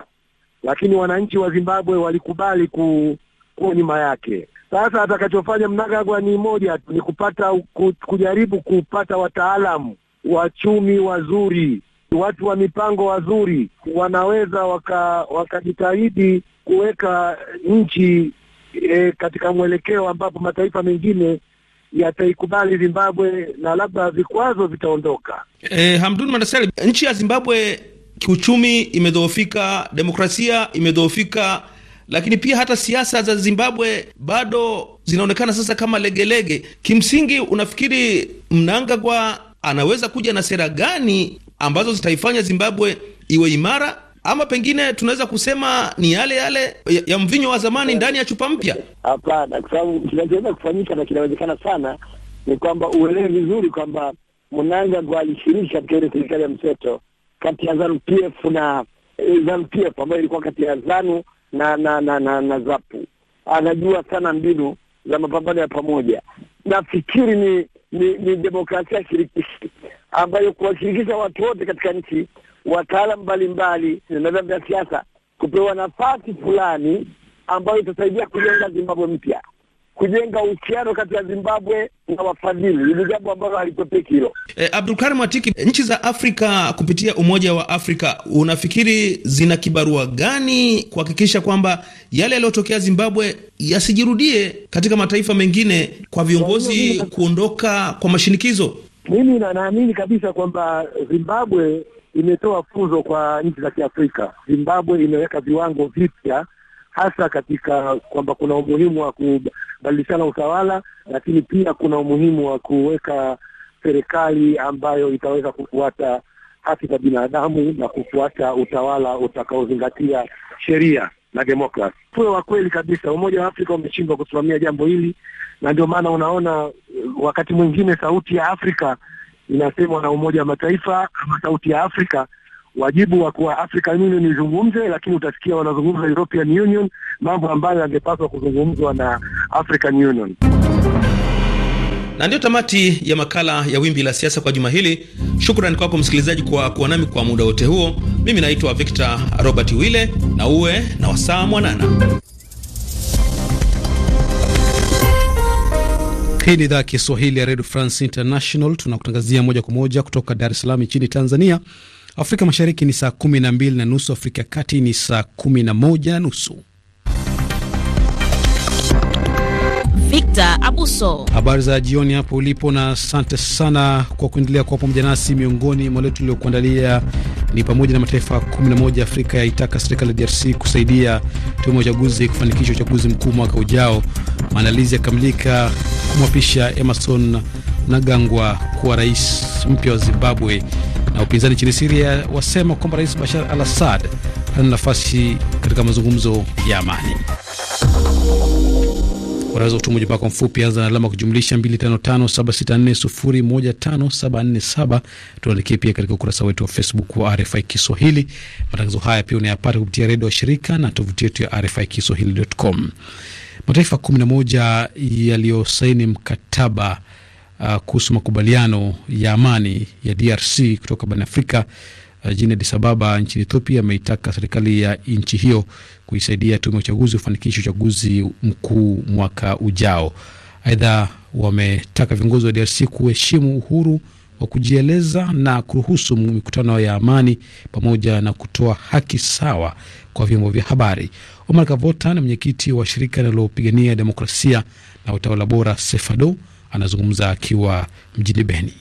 lakini wananchi wa Zimbabwe walikubali ku, kuwa nyuma yake. Sasa atakachofanya Mnangagwa ni moja tu, ni kupata ku, kujaribu kupata wataalamu wachumi wazuri, watu wa mipango wazuri, wanaweza wakajitahidi waka kuweka nchi e, katika mwelekeo ambapo mataifa mengine yataikubali Zimbabwe na labda vikwazo vitaondoka. E, Hamdun Mandaseli, nchi ya Zimbabwe kiuchumi imedhoofika, demokrasia imedhoofika, lakini pia hata siasa za Zimbabwe bado zinaonekana sasa kama legelege lege. Kimsingi, unafikiri Mnangagwa anaweza kuja na sera gani ambazo zitaifanya Zimbabwe iwe imara? Ama pengine tunaweza kusema ni yale yale ya, ya mvinyo wa zamani ndani ya chupa mpya? Hapana, kwa sababu kinachoweza kufanyika na kinawezekana sana ni kwamba uelewe vizuri kwamba Mnangagwa alishiriki katika ile serikali ya mseto kati ya ZANU PF na e, ZANU PF ambayo ilikuwa kati ya ZANU na na na, na, na ZAPU. Anajua sana mbinu za mapambano ya pamoja. Nafikiri ni ni, ni demokrasia shirikishi ambayo kuwashirikisha watu wote katika nchi, wataalamu mbalimbali na vyama vya siasa kupewa nafasi fulani ambayo itasaidia kujenga Zimbabwe mpya kujenga uhusiano kati ya Zimbabwe na wafadhili ni jambo ambalo halitopiki hilo. E, Abdulkarim Mwatiki, nchi za Afrika kupitia Umoja wa Afrika unafikiri zina kibarua gani kuhakikisha kwamba yale yaliyotokea Zimbabwe yasijirudie katika mataifa mengine kwa viongozi kuondoka kwa mashinikizo? Mimi naamini kabisa kwamba Zimbabwe imetoa funzo kwa nchi za Kiafrika. Zimbabwe imeweka viwango vipya hasa katika kwamba kuna umuhimu wa kubadilishana utawala, lakini pia kuna umuhimu wa kuweka serikali ambayo itaweza kufuata haki za binadamu na kufuata utawala utakaozingatia sheria na demokrasi. Tuwe wa kweli kabisa, Umoja wa Afrika umeshindwa kusimamia jambo hili, na ndio maana unaona eh, wakati mwingine sauti ya Afrika inasemwa na Umoja wa Mataifa ama sauti ya Afrika wajibu wa kuwa African Union izungumze, lakini utasikia wanazungumza European Union, mambo ambayo yangepaswa kuzungumzwa na African Union. Na ndiyo tamati ya makala ya Wimbi la Siasa kwa juma hili. Shukrani kwako msikilizaji kwa kuwa nami kwa muda wote huo. Mimi naitwa Victor Robert Wille, na uwe na wasaa mwanana. Hii ni idhaa ya Kiswahili ya redio France International. Tunakutangazia moja kwa moja kutoka Dar es Salaam nchini Tanzania. Afrika Mashariki ni saa kumi na mbili na nusu, Afrika ya Kati ni saa kumi na moja na nusu. Victor Abuso, habari za jioni hapo ulipo, na asante sana kwa kuendelea kuwa pamoja nasi. Miongoni mwa letu tuliokuandalia ni pamoja na mataifa 11 ya Afrika yaitaka serikali ya DRC kusaidia tume ya uchaguzi kufanikisha uchaguzi mkuu mwaka ujao. Maandalizi yakamilika kumwapisha Emerson Mnangagwa kuwa rais mpya wa Zimbabwe, na upinzani nchini Siria wasema kwamba rais Bashar al Assad hana nafasi katika mazungumzo ya amani. Unaweza kutuma ujumbe wako mfupi, anza na alama kujumlisha 255764015747. Tuandikie pia katika ukurasa wetu wa Facebook wa RFI Kiswahili. Matangazo haya pia unayapata kupitia redio wa shirika na tovuti yetu ya RFI Kiswahili.com. Mataifa 11 yaliyosaini mkataba uh, kuhusu makubaliano ya amani ya DRC kutoka barani Afrika uh, jijini Addis Ababa nchini Ethiopia ameitaka serikali ya nchi hiyo kuisaidia tume ya uchaguzi kufanikisha uchaguzi mkuu mwaka ujao. Aidha, wametaka viongozi wa DRC kuheshimu uhuru wa kujieleza na kuruhusu mikutano ya amani pamoja na kutoa haki sawa kwa vyombo vya habari. Omar Kavota ni mwenyekiti wa shirika linalopigania demokrasia na utawala bora Sefado anazungumza akiwa mjini Beni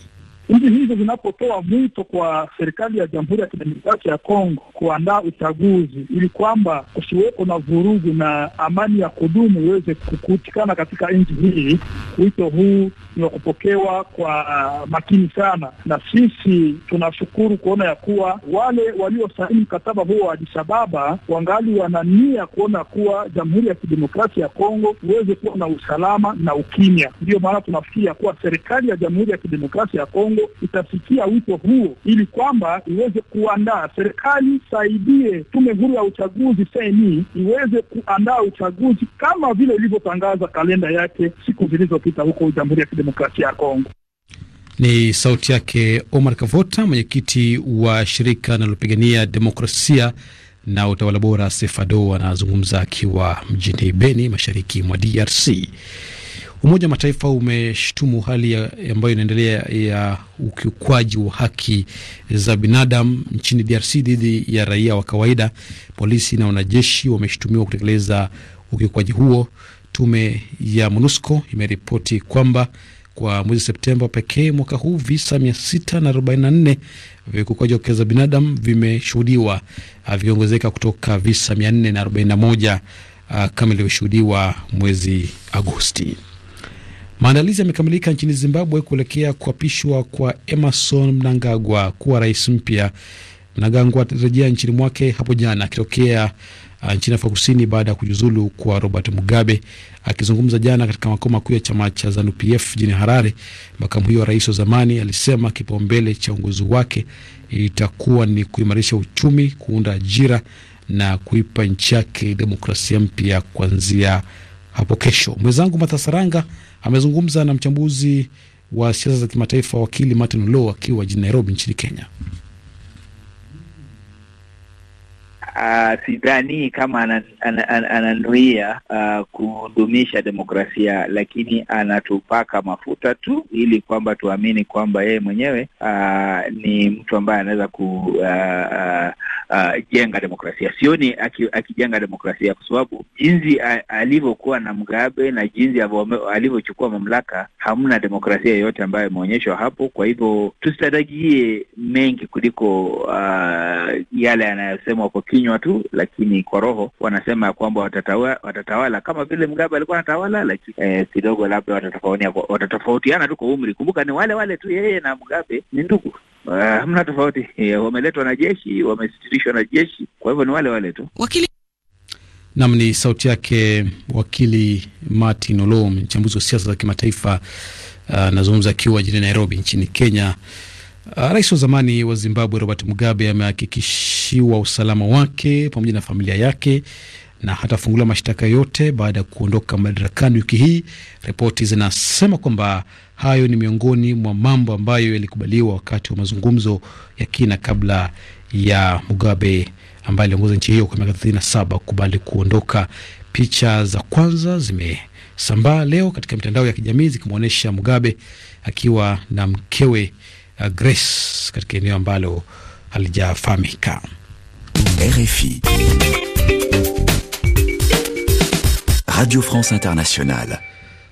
nchi hizo zinapotoa mwito kwa serikali ya Jamhuri ya Kidemokrasia ya Kongo kuandaa uchaguzi ili kwamba kusiweko na vurugu na amani ya kudumu iweze kukutikana katika nchi hii, wito huu ni wa kupokewa kwa uh, makini sana, na sisi tunashukuru kuona ya kuwa wale waliosaini mkataba huo wa Addis Ababa wangali wana nia kuona kuwa Jamhuri ya Kidemokrasia ya Kongo iweze kuwa na usalama na ukimya. Ndiyo maana tunafikiri ya kuwa serikali ya Jamhuri ya Kidemokrasia ya Kongo ndio itafikia wito huo, ili kwamba iweze kuandaa serikali, saidie tume huru ya uchaguzi seni iweze kuandaa uchaguzi kama vile ilivyotangaza kalenda yake siku zilizopita huko Jamhuri ya Kidemokrasia ya Kongo. Ni sauti yake Omar Kavota, mwenyekiti wa shirika linalopigania demokrasia na utawala bora Sefado, anazungumza akiwa mjini Beni, mashariki mwa DRC. Umoja wa Mataifa umeshtumu hali ambayo inaendelea ya ukiukwaji wa haki za binadamu nchini DRC dhidi ya raia wa kawaida. Polisi na wanajeshi wameshtumiwa kutekeleza ukiukwaji huo. Tume ya MONUSCO imeripoti kwamba kwa mwezi Septemba pekee mwaka huu visa 644 vya ukiukwaji wa haki za binadamu vimeshuhudiwa ah, vikiongezeka kutoka visa 441 ah, kama ilivyoshuhudiwa mwezi Agosti. Maandalizi yamekamilika nchini Zimbabwe kuelekea kuapishwa kwa Emerson Mnangagwa kuwa rais mpya. Mnangagwa atarejea nchini mwake hapo jana akitokea uh, nchini Afrika Kusini baada ya kujiuzulu kwa Robert Mugabe. Akizungumza jana katika makao makuu ya chama cha ZANUPF jijini Harare, makamu huyo wa rais wa zamani alisema kipaumbele cha uongozi wake itakuwa ni kuimarisha uchumi, kuunda ajira na kuipa nchi yake demokrasia mpya kuanzia hapo kesho. Mwenzangu Mathasaranga amezungumza na mchambuzi wa siasa za kimataifa wakili Martin Olo akiwa jijini Nairobi nchini Kenya. Uh, sidhani kama anan, an, an, ananuia uh, kudumisha demokrasia, lakini anatupaka mafuta tu ili kwamba tuamini kwamba yeye mwenyewe uh, ni mtu ambaye anaweza ku uh, uh, jenga uh, demokrasia. Sioni akijenga aki demokrasia, kwa sababu jinsi alivyokuwa na mgabe na jinsi alivyochukua mamlaka, hamna demokrasia yoyote ambayo imeonyeshwa hapo. Kwa hivyo tusitarajie mengi kuliko uh, yale yanayosemwa kwa kinywa tu, lakini kwa roho wanasema ya kwamba watatawala, watatawala kama vile mgabe alikuwa anatawala, lakini eh, kidogo labda watatofautiana tu kwa umri. Kumbuka ni wale wale tu, yeye na mgabe ni ndugu. Ah, hamna uh, tofauti yeah, wameletwa na jeshi, wamesitirishwa na jeshi, kwa hivyo ni wale wale tu wakili... Nam ni sauti yake wakili Martin Olo, mchambuzi wa siasa za kimataifa ah, anazungumza uh, akiwa jijini Nairobi nchini Kenya. Uh, rais wa zamani wa Zimbabwe Robert Mugabe amehakikishiwa usalama wake pamoja na familia yake na hatafungula mashtaka yote baada ya kuondoka madarakani wiki hii. Ripoti zinasema kwamba hayo ni miongoni mwa mambo ambayo yalikubaliwa wakati wa mazungumzo ya kina kabla ya Mugabe ambaye aliongoza nchi hiyo kwa miaka 37 kubali kuondoka. Picha za kwanza zimesambaa leo katika mitandao ya kijamii zikimwonyesha Mugabe akiwa na mkewe uh, Grace katika eneo ambalo halijafahamika. RFI Radio France Internationale.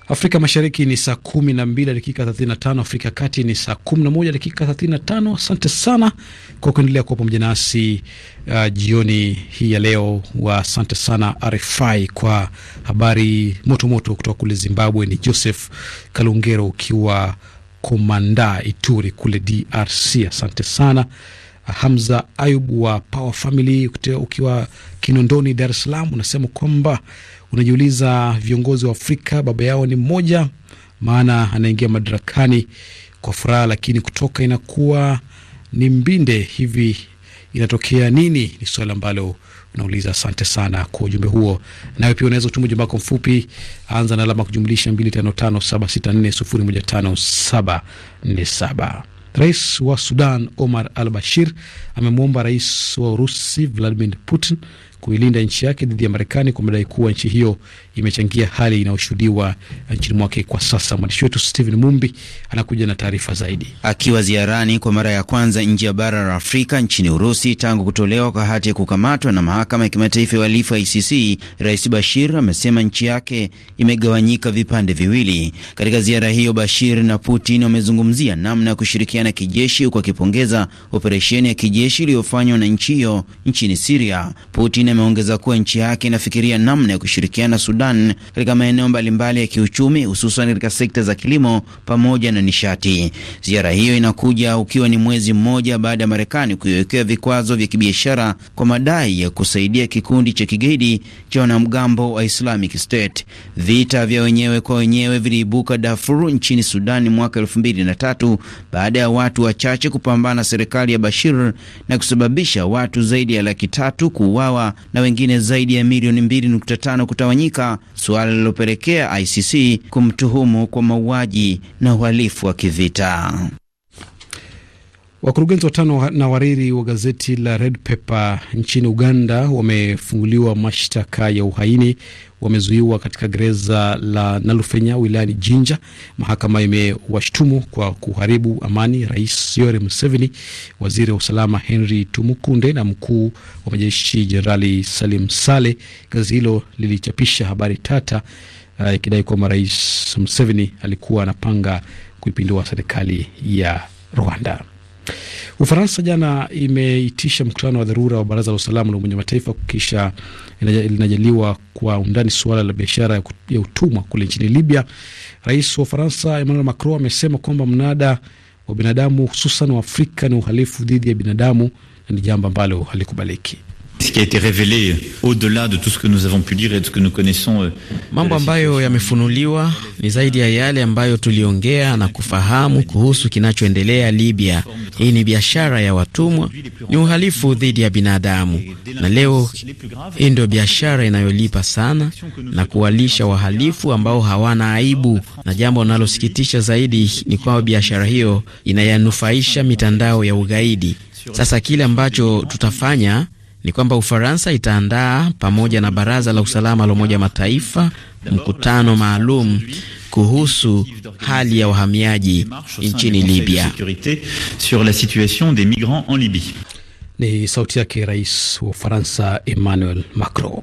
Afrika Mashariki ni saa kumi na mbili dakika 35, Afrika Kati ni saa moja dakika 35. Asante sana kwa kuendelea kuwa pamoja nasi uh, jioni hii ya leo. Asante sana RFI kwa habari motomoto kutoka kule Zimbabwe. Ni Joseph Kalungero ukiwa Komanda Ituri kule DRC, asante sana. Hamza Ayub wa Power Family ukiwa Kinondoni, Dar es Salaam, unasema kwamba Unajiuliza, viongozi wa Afrika baba yao ni mmoja, maana anaingia madarakani kwa furaha, lakini kutoka inakuwa ni mbinde. Hivi inatokea nini? Ni swali ambalo unauliza. Asante sana kwa ujumbe huo. Nawe pia unaweza kutuma ujumbe wako mfupi, anza na alama kujumlisha 255764015747. Rais wa Sudan Omar al Bashir amemwomba rais wa Urusi Vladimir Putin kuilinda nchi yake dhidi ya Marekani kwa madai kuwa nchi hiyo imechangia hali inayoshuhudiwa nchini mwake kwa sasa. Mwandishi wetu Steven Mumbi anakuja na taarifa zaidi. Akiwa ziarani kwa mara ya kwanza nje ya bara la Afrika nchini Urusi tangu kutolewa kwa hati ya kukamatwa na mahakama ya kimataifa ya uhalifu wa ICC, Rais Bashir amesema nchi yake imegawanyika vipande viwili. Katika ziara hiyo, Bashir na Putin wamezungumzia namna ya kushirikiana kijeshi, huku akipongeza operesheni ya kijeshi iliyofanywa na nchi hiyo nchini Siria. Putin ameongeza kuwa nchi yake inafikiria namna ya kushirikiana Sudan Sudan katika maeneo mbalimbali ya kiuchumi, hususan katika sekta za kilimo pamoja na nishati. Ziara hiyo inakuja ukiwa ni mwezi mmoja baada ya Marekani kuiwekea vikwazo vya kibiashara kwa madai ya kusaidia kikundi cha kigaidi cha wanamgambo wa Islamic State. Vita vya wenyewe kwa wenyewe viliibuka Darfur nchini Sudani mwaka elfu mbili na tatu baada ya watu wachache kupambana na serikali ya Bashir na kusababisha watu zaidi ya laki tatu kuuawa na wengine zaidi ya milioni mbili nukta tano kutawanyika suala lilopelekea ICC kumtuhumu kwa mauaji na uhalifu wa kivita. Wakurugenzi watano na wariri wa gazeti la Red Pepper nchini Uganda wamefunguliwa mashtaka ya uhaini. Wamezuiwa katika gereza la Nalufenya wilayani Jinja. Mahakama imewashtumu kwa kuharibu amani Rais Yoweri Museveni, waziri wa usalama Henry Tumukunde na mkuu wa majeshi Jenerali Salim sale Gazeti hilo lilichapisha habari tata eh, ikidai uh, kwamba Rais Museveni alikuwa anapanga kuipindua serikali ya Rwanda. Ufaransa jana imeitisha mkutano wa dharura wa baraza la usalama la Umoja Mataifa kisha linajaliwa kwa undani suala la biashara ya utumwa kule nchini Libya. Rais wa Ufaransa Emmanuel Macron amesema kwamba mnada wa binadamu hususan wa Afrika ni uhalifu dhidi ya binadamu na ni jambo ambalo halikubaliki. Ce qui a été révélé au-delà de tout ce que nous avons pu dire et de ce que nous connaissons. Euh, Mambo ambayo yamefunuliwa ni zaidi ya yale ambayo tuliongea na kufahamu kuhusu kinachoendelea Libya. Hii ni biashara ya watumwa, ni uhalifu dhidi ya binadamu, na leo hii ndio biashara inayolipa sana na kuwalisha wahalifu ambao hawana aibu, na jambo linalosikitisha zaidi ni kwamba biashara hiyo inayanufaisha mitandao ya ugaidi. Sasa kile ambacho tutafanya ni kwamba Ufaransa itaandaa pamoja na Baraza la Usalama la Umoja Mataifa mkutano maalum kuhusu hali ya wahamiaji nchini Libya. Ni sauti yake Rais wa Ufaransa Emmanuel Macron.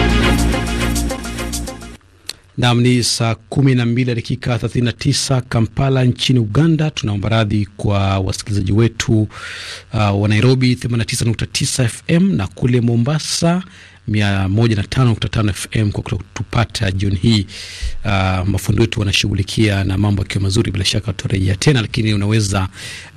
Nam ni saa kumi na mbili na dakika 39 Kampala nchini Uganda. Tunaomba radhi kwa wasikilizaji wetu uh, wa Nairobi 89.9 FM na kule Mombasa 105.5 FM kwa kutupata jioni hii. Uh, mafundi wetu wanashughulikia na mambo yakiwa mazuri, bila shaka tutarejea tena, lakini unaweza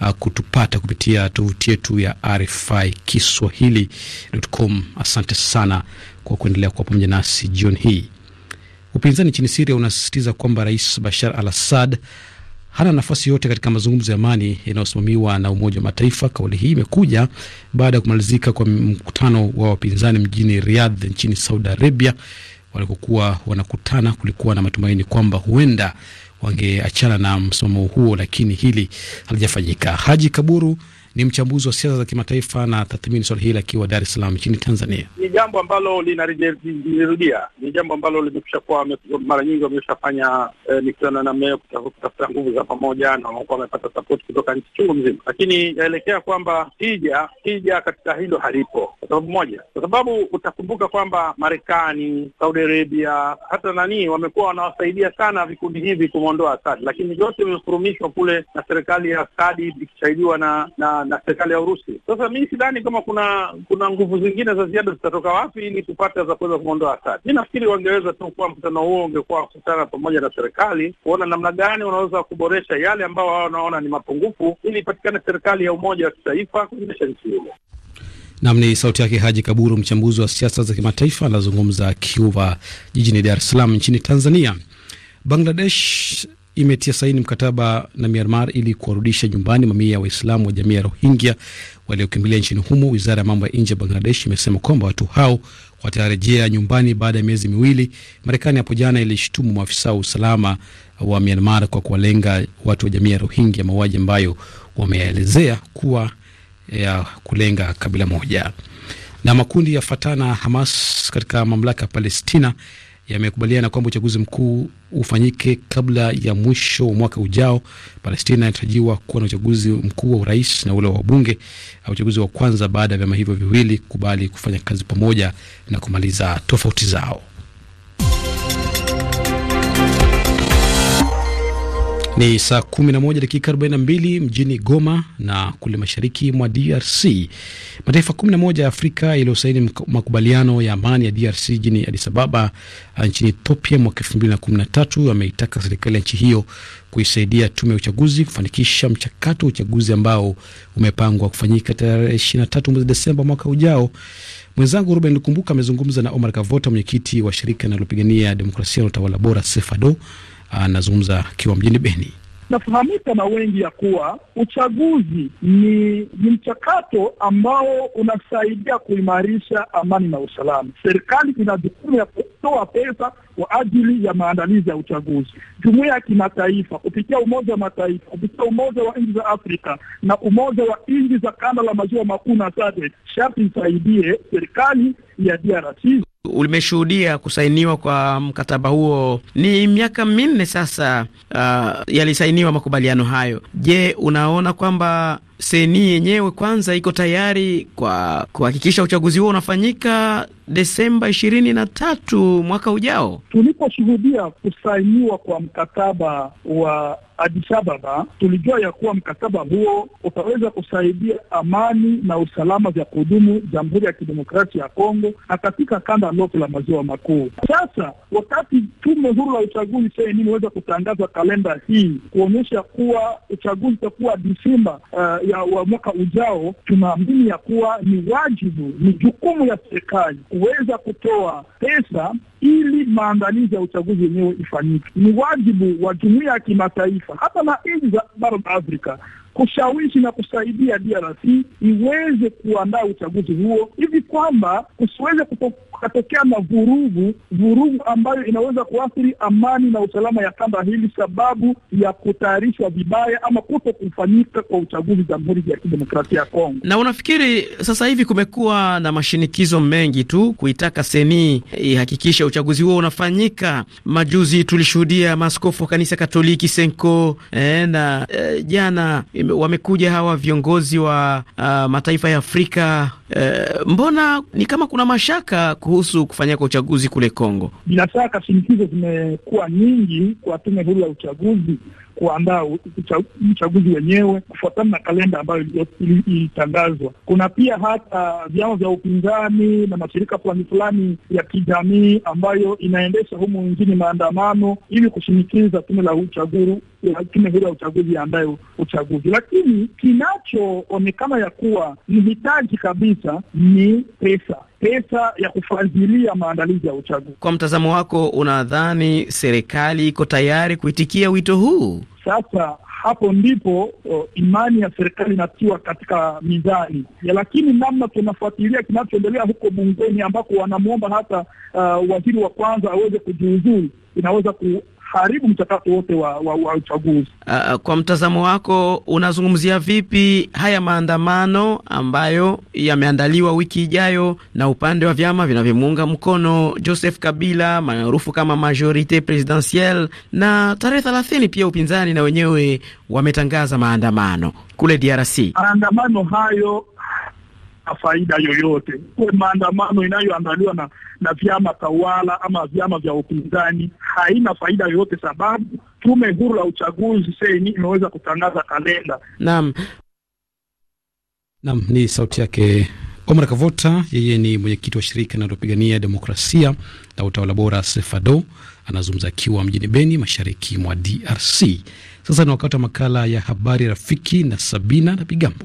uh, kutupata kupitia tovuti yetu ya RFI Kiswahili.com. Asante sana kwa kuendelea kuwa pamoja nasi jioni hii. Upinzani nchini Siria unasisitiza kwamba Rais Bashar al Assad hana nafasi yote katika mazungumzo ya amani yanayosimamiwa na Umoja wa Mataifa. Kauli hii imekuja baada ya kumalizika kwa mkutano wa wapinzani mjini Riyadh nchini Saudi Arabia. Walikokuwa wanakutana, kulikuwa na matumaini kwamba huenda wangeachana na msimamo huo, lakini hili halijafanyika. Haji Kaburu ni mchambuzi wa siasa za kimataifa na tathmini swala hili akiwa Dar es Salaam nchini Tanzania. Ni jambo ambalo linarudia, ni jambo ambalo limekusha kuwa mara nyingi wameshafanya eh, mikutano na meo kutafuta nguvu za pamoja na wamekuwa wamepata sapoti kutoka nchi chungu mzima, lakini yaelekea kwamba tija tija katika hilo halipo, kwa sababu moja, kwa sababu utakumbuka kwamba Marekani, Saudi Arabia hata nani wamekuwa wanawasaidia sana vikundi hivi kumwondoa Asadi, lakini vyote vimefurumishwa kule na serikali ya Asadi ikisaidiwa na na na serikali ya Urusi. Sasa mi sidhani kama kuna kuna nguvu zingine za ziada zitatoka wapi ili kupata za kuweza kumwondoa Asad. Mi nafikiri wangeweza tu kuwa mkutano huo ungekuwa wakutana pamoja na serikali kuona namna gani wanaweza kuboresha yale ambao wao wanaona ni mapungufu ili ipatikane serikali ya umoja wa kitaifa kuendesha nchi hilo. Nam ni sauti yake Haji Kaburu, mchambuzi wa siasa za kimataifa, anazungumza akiwa jijini Dar es Salaam nchini Tanzania. Bangladesh imetia saini mkataba na Myanmar ili kuwarudisha nyumbani mamia ya Waislamu wa jamii ya Rohingya waliokimbilia nchini humo. Wizara ya mambo ya nje ya Bangladesh imesema kwamba watu hao watarejea nyumbani baada ya miezi miwili. Marekani hapo jana ilishutumu maafisa wa usalama wa Myanmar kwa kuwalenga watu wa jamii ya Rohingya, mauaji ambayo wameelezea kuwa ya kulenga kabila moja. Na makundi ya Fatah na Hamas katika mamlaka ya Palestina yamekubaliana kwamba uchaguzi mkuu ufanyike kabla ya mwisho wa mwaka ujao. Palestina inatarajiwa kuwa na uchaguzi mkuu wa urais na ule wa wabunge, uchaguzi wa kwanza baada ya vyama hivyo viwili kubali kufanya kazi pamoja na kumaliza tofauti zao. Ni saa 11 dakika 42 mjini Goma na kule mashariki mwa DRC. Mataifa 11 ya Afrika yaliyosaini makubaliano ya amani ya DRC jini Addis Ababa ah, nchini Ethiopia mwaka 2013 yameitaka serikali ya nchi hiyo kuisaidia tume ya uchaguzi kufanikisha mchakato wa uchaguzi ambao umepangwa kufanyika tarehe 23 mwezi Desemba mwaka ujao. Mwenzangu Ruben Lukumbuka amezungumza na Omar Kavota, mwenyekiti wa shirika linalopigania demokrasia na utawala bora CEFADO anazungumza akiwa mjini Beni. Nafahamika na wengi ya kuwa uchaguzi ni, ni mchakato ambao unasaidia kuimarisha amani na usalama. Serikali ina jukumu ya kutoa pesa kwa ajili ya maandalizi ya uchaguzi. Jumuiya ya kimataifa kupitia Umoja wa Mataifa, kupitia Umoja wa Nchi za Afrika na Umoja wa Nchi za Kanda la Maziwa Makuu na SADC sharti isaidie serikali ya DRC umeshuhudia kusainiwa kwa mkataba huo, ni miaka minne sasa, uh, yalisainiwa makubaliano hayo. Je, unaona kwamba seni yenyewe kwanza iko tayari kwa kuhakikisha uchaguzi huo unafanyika Desemba ishirini na tatu mwaka ujao. Tuliposhuhudia kusainiwa kwa mkataba wa Addis Ababa, tulijua ya kuwa mkataba huo utaweza kusaidia amani na usalama vya kudumu Jamhuri ya Kidemokrasia ya Kongo na katika kanda lote la maziwa makuu. Sasa wakati tume huru la uchaguzi seni imeweza kutangaza kalenda hii kuonyesha kuwa uchaguzi utakuwa Disemba uh, ya wa mwaka ujao, tunaamini ya kuwa ni wajibu, ni jukumu ya serikali kuweza kutoa pesa ili maandalizi ya uchaguzi wenyewe ifanyike. Ni wajibu wa jumuia ya kimataifa, hata na nchi za bara la Afrika kushawishi na kusaidia DRC iweze kuandaa uchaguzi huo hivi kwamba kusiweze kukatokea na vurugu vurugu ambayo inaweza kuathiri amani na usalama ya kanda hili, sababu ya kutayarishwa vibaya ama kuto kufanyika kwa uchaguzi Jamhuri ya Kidemokrasia ya Kongo. Na unafikiri sasa hivi kumekuwa na mashinikizo mengi tu kuitaka seni ihakikishe uchaguzi huo unafanyika. Majuzi tulishuhudia maskofu wa kanisa Katoliki Senko eh, na eh, jana wamekuja hawa viongozi wa uh, mataifa ya Afrika uh, mbona ni kama kuna mashaka kuhusu kufanyika kwa uchaguzi kule Kongo? Bila shaka shinikizo zimekuwa nyingi kwa tume huru ya uchaguzi kuandaa uchaguzi wenyewe kufuatana na kalenda ambayo ilitangazwa. Kuna pia hata vyama vya upinzani na mashirika fulani fulani ya kijamii ambayo inaendesha humu nchini maandamano ili kushinikiza tume la uchaguzi tume huru ya uchaguzi ambayo uchaguzi. Lakini kinachoonekana ya kuwa ni hitaji kabisa ni pesa pesa ya kufadhilia maandalizi ya uchaguzi. Kwa mtazamo wako, unadhani serikali iko tayari kuitikia wito huu? Sasa hapo ndipo o, imani ya serikali inatiwa katika mizani ya, lakini namna tunafuatilia kinachoendelea huko bungeni ambako wanamwomba hata uh, waziri wa kwanza aweze kujiuzuru inaweza ku kuharibu mchakato wote wa, wa, wa uchaguzi. Uh, kwa mtazamo wako unazungumzia vipi haya maandamano ambayo yameandaliwa wiki ijayo na upande wa vyama vinavyomuunga mkono Joseph Kabila maarufu kama Majorite Presidentielle, na tarehe thelathini pia upinzani na wenyewe wametangaza maandamano kule DRC. Maandamano hayo na faida yoyote. Kwa maandamano inayoandaliwa na, na vyama tawala ama vyama vya upinzani haina faida yoyote, sababu tume huru la uchaguzi seni imeweza kutangaza kalenda. Naam, naam, ni sauti yake Omar Kavota, yeye ni mwenyekiti wa shirika linalopigania demokrasia na utawala bora Sefado, anazungumza akiwa mjini Beni, mashariki mwa DRC. Sasa ni wakati wa makala ya habari rafiki na Sabina na Bigambo.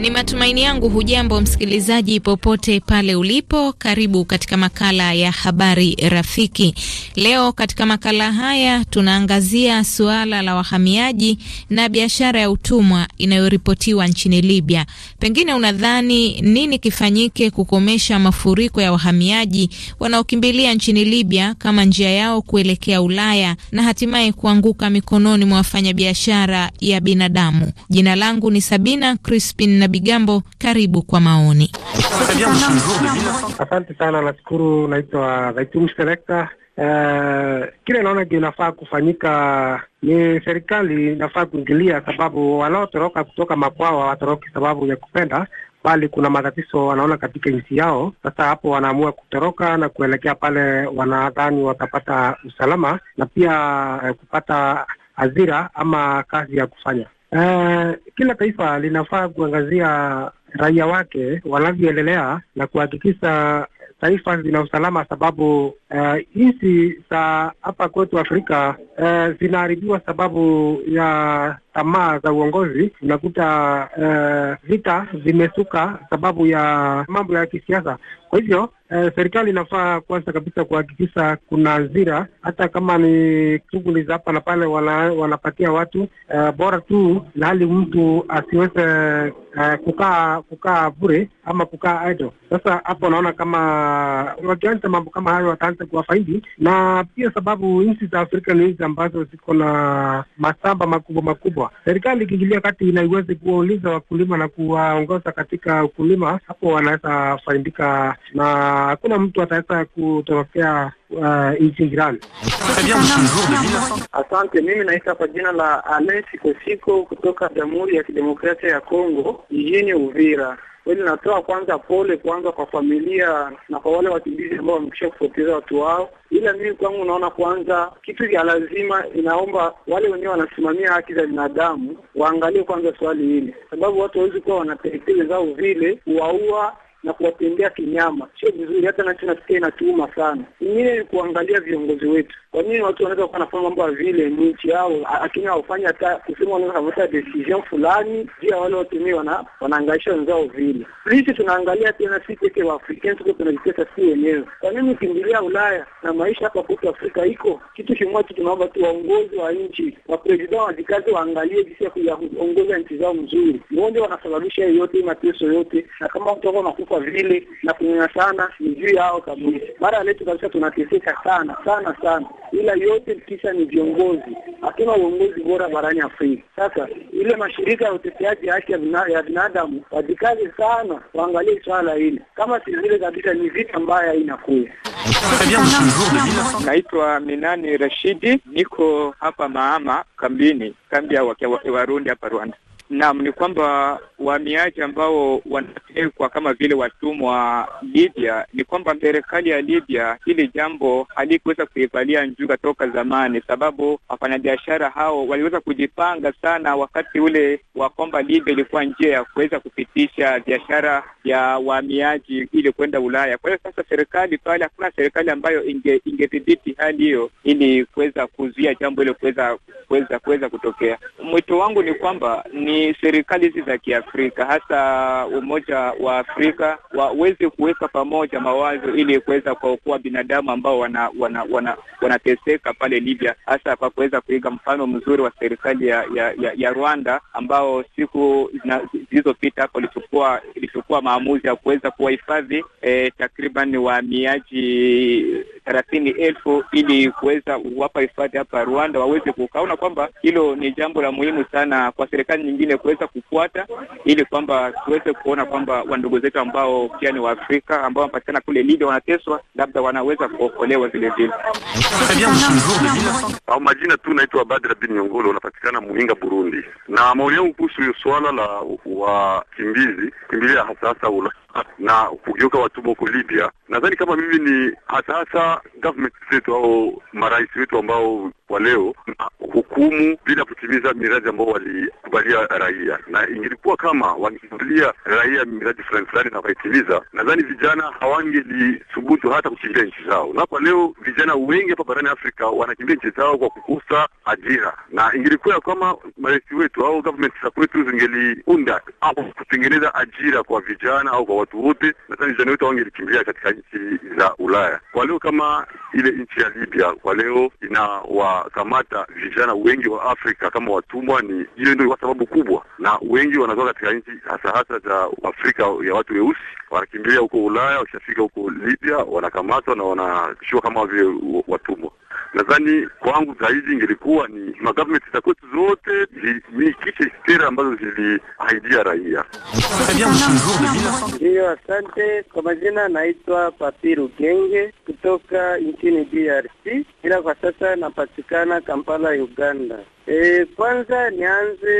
Ni matumaini yangu hujambo msikilizaji, popote pale ulipo. Karibu katika makala ya habari rafiki. Leo katika makala haya tunaangazia suala la wahamiaji na biashara ya utumwa inayoripotiwa nchini Libya. Pengine unadhani nini kifanyike kukomesha mafuriko ya wahamiaji wanaokimbilia nchini Libya kama njia yao kuelekea Ulaya na hatimaye kuanguka mikononi mwa wafanyabiashara ya binadamu? Jina langu ni Sabina Crispin Bigambo, karibu kwa maoni. Asante sana, nashukuru. Naitwa Zaitum Uh, eh, kile naona kinafaa kufanyika ni serikali inafaa kuingilia, sababu wanaotoroka kutoka makwao hawatoroki sababu ya kupenda, bali kuna matatizo wanaona katika nchi yao. Sasa hapo wanaamua kutoroka na kuelekea pale wanadhani watapata usalama na pia uh, kupata azira ama kazi ya kufanya uh, kila taifa linafaa kuangazia raia wake wanavyoendelea na kuhakikisha taifa zina usalama, sababu nchi eh, uh, za hapa kwetu Afrika uh, zinaharibiwa sababu ya tamaa za uongozi. Unakuta uh, vita vimesuka sababu ya mambo ya kisiasa. Kwa hivyo uh, serikali inafaa kwanza kabisa kuhakikisha kuna nzira, hata kama ni shughuli za hapa na pale wana, wanapatia watu uh, bora tu lali mtu asiweze uh, kukaa kukaa bure ama kukaa idle. Sasa hapo naona kama wakianza mambo kama hayo wataanza itaweza kuwafaidi, na pia sababu nchi za Afrika ni nchi ambazo ziko na mashamba makubwa makubwa. Serikali ikiingilia kati na iweze kuwauliza wakulima na kuwaongoza katika ukulima, hapo wanaweza faidika na hakuna mtu ataweza kutorokea Uh, nchi jirani. Asante. Mimi naita kwa jina la Alesi Kosiko kutoka Jamhuri ya Kidemokrasia ya Kongo jijini Uvira. Kweli natoa kwanza pole kwanza kwa familia na kwa wale wakimbizi ambao wamekisha kupoteza watu wao, ila mimi kwangu naona kwanza kitu cha lazima inaomba wale wenyewe wanasimamia haki za binadamu waangalie kwanza swali hili, sababu watu wawezi kuwa wanatekeleza wenzao vile kuwaua na kuwatendea kinyama, sio vizuri. Hata nacho nasikia inatuuma sana. Ingine ni kuangalia viongozi wetu. Kwa nini watu wanaweza kuwa nafanya mambo vile nchi yao, lakini hawafanya hata kusema, wanaweza kavuta decision fulani juu ya wale watumii, wanaangaisha wenzao vile. Sisi tunaangalia tena, si peke wa Afrika, tuko tunajitesa si wenyewe. Kwa nini ukimbilia Ulaya na maisha hapa kwetu Afrika iko kitu kimoja? Tunaomba tu waongozi wa nchi, wapresident, wajikazi, waangalie jinsi ya kuongoza nchi zao mzuri. Ndio wanasababisha yote mateso yote, na kama mtu kwa vile na kunyanyasana ni juu yao kabisa. Bara letu kabisa tunateseka sana sana sana, ila yote kisha ni viongozi. Hakuna uongozi bora barani Afrika. Sasa ile mashirika ya uteteaji haki ya binadamu wajikaze sana, waangalie swala hili, kama si vile kabisa ni vita mbaya inakuwa. Naitwa Minani Rashidi, niko hapa Mahama kambini, kambi ya Warundi hapa Rwanda. Naam, ni kwamba wahamiaji ambao wanatekwa kama vile watumwa Libya, ni kwamba serikali ya Libya hili jambo halikuweza kuivalia njuga toka zamani, sababu wafanyabiashara hao waliweza kujipanga sana wakati ule wa kwamba Libya ilikuwa njia ya kuweza kupitisha biashara ya wahamiaji ili kwenda Ulaya. Kwa hiyo sasa serikali pale, hakuna serikali ambayo ingedhibiti inge hali hiyo ili kuweza kuzuia jambo hilo kuweza kuweza kuweza kutokea. Mwito wangu ni kwamba ni serikali hizi za Afrika, hasa Umoja wa Afrika waweze kuweka pamoja mawazo ili kuweza kuokoa binadamu ambao wanateseka wana, wana, wana pale Libya, hasa kwa kuweza kuiga mfano mzuri wa serikali ya, ya, ya, ya Rwanda ambao siku zilizopita hapo ilichukua maamuzi ya kuweza kuwahifadhi eh, takriban wahamiaji thelathini elfu ili kuweza kuwapa hifadhi hapa Rwanda waweze kukaona kwamba hilo ni jambo la muhimu sana kwa serikali nyingine kuweza kufuata ili kwamba tuweze kuona kwamba wandugu zetu ambao pia ni Waafrika ambao wanapatikana kule Libya wanateswa, labda wanaweza kuokolewa vile vile. Au majina tu naitwa Badra bin Nyongolo, unapatikana Muhinga, Burundi. Na maoni yangu kuhusu hiyo swala la wakimbizi kimbilia hasa hasa na kugeuka watumwa huko Libya. Nadhani kama mimi ni hasa hasa government zetu au marais wetu ambao kwa leo hukumu bila kutimiza miradi ambao walikubalia raia, na ingelikuwa kama wangekubalia raia miradi fulani fulani na wakaitimiza, nadhani vijana hawangelithubutu hata kukimbia nchi zao. Na kwa leo vijana wengi hapa barani Afrika wanakimbia nchi zao kwa kukosa ajira, na ingelikuwa ya kama marais wetu au government za kwetu zingeliunda au kutengeneza ajira kwa vijana au kwa watu wote, nadhani vijana wote wangelikimbilia katika nchi za Ulaya. Kwa leo kama ile nchi ya Libya kwa leo inawakamata vijana wengi wa Afrika kama watumwa, ni hiyo ndio sababu kubwa, na wengi wanatoka katika nchi hasa hasa za Afrika ya watu weusi, wanakimbilia huko Ulaya. Wakishafika huko Libya wanakamatwa na wanashiwa kama vile watumwa. Nadhani kwangu zaidi ingelikuwa ni magavumenti za kwetu zote zimilikishe sera ambazo zilihaidia raia. Ndiyo, asante kwa majina. Naitwa Papiru Genge kutoka nchini DRC, ila kwa sasa napatikana Kampala, Uganda. E, kwanza nianze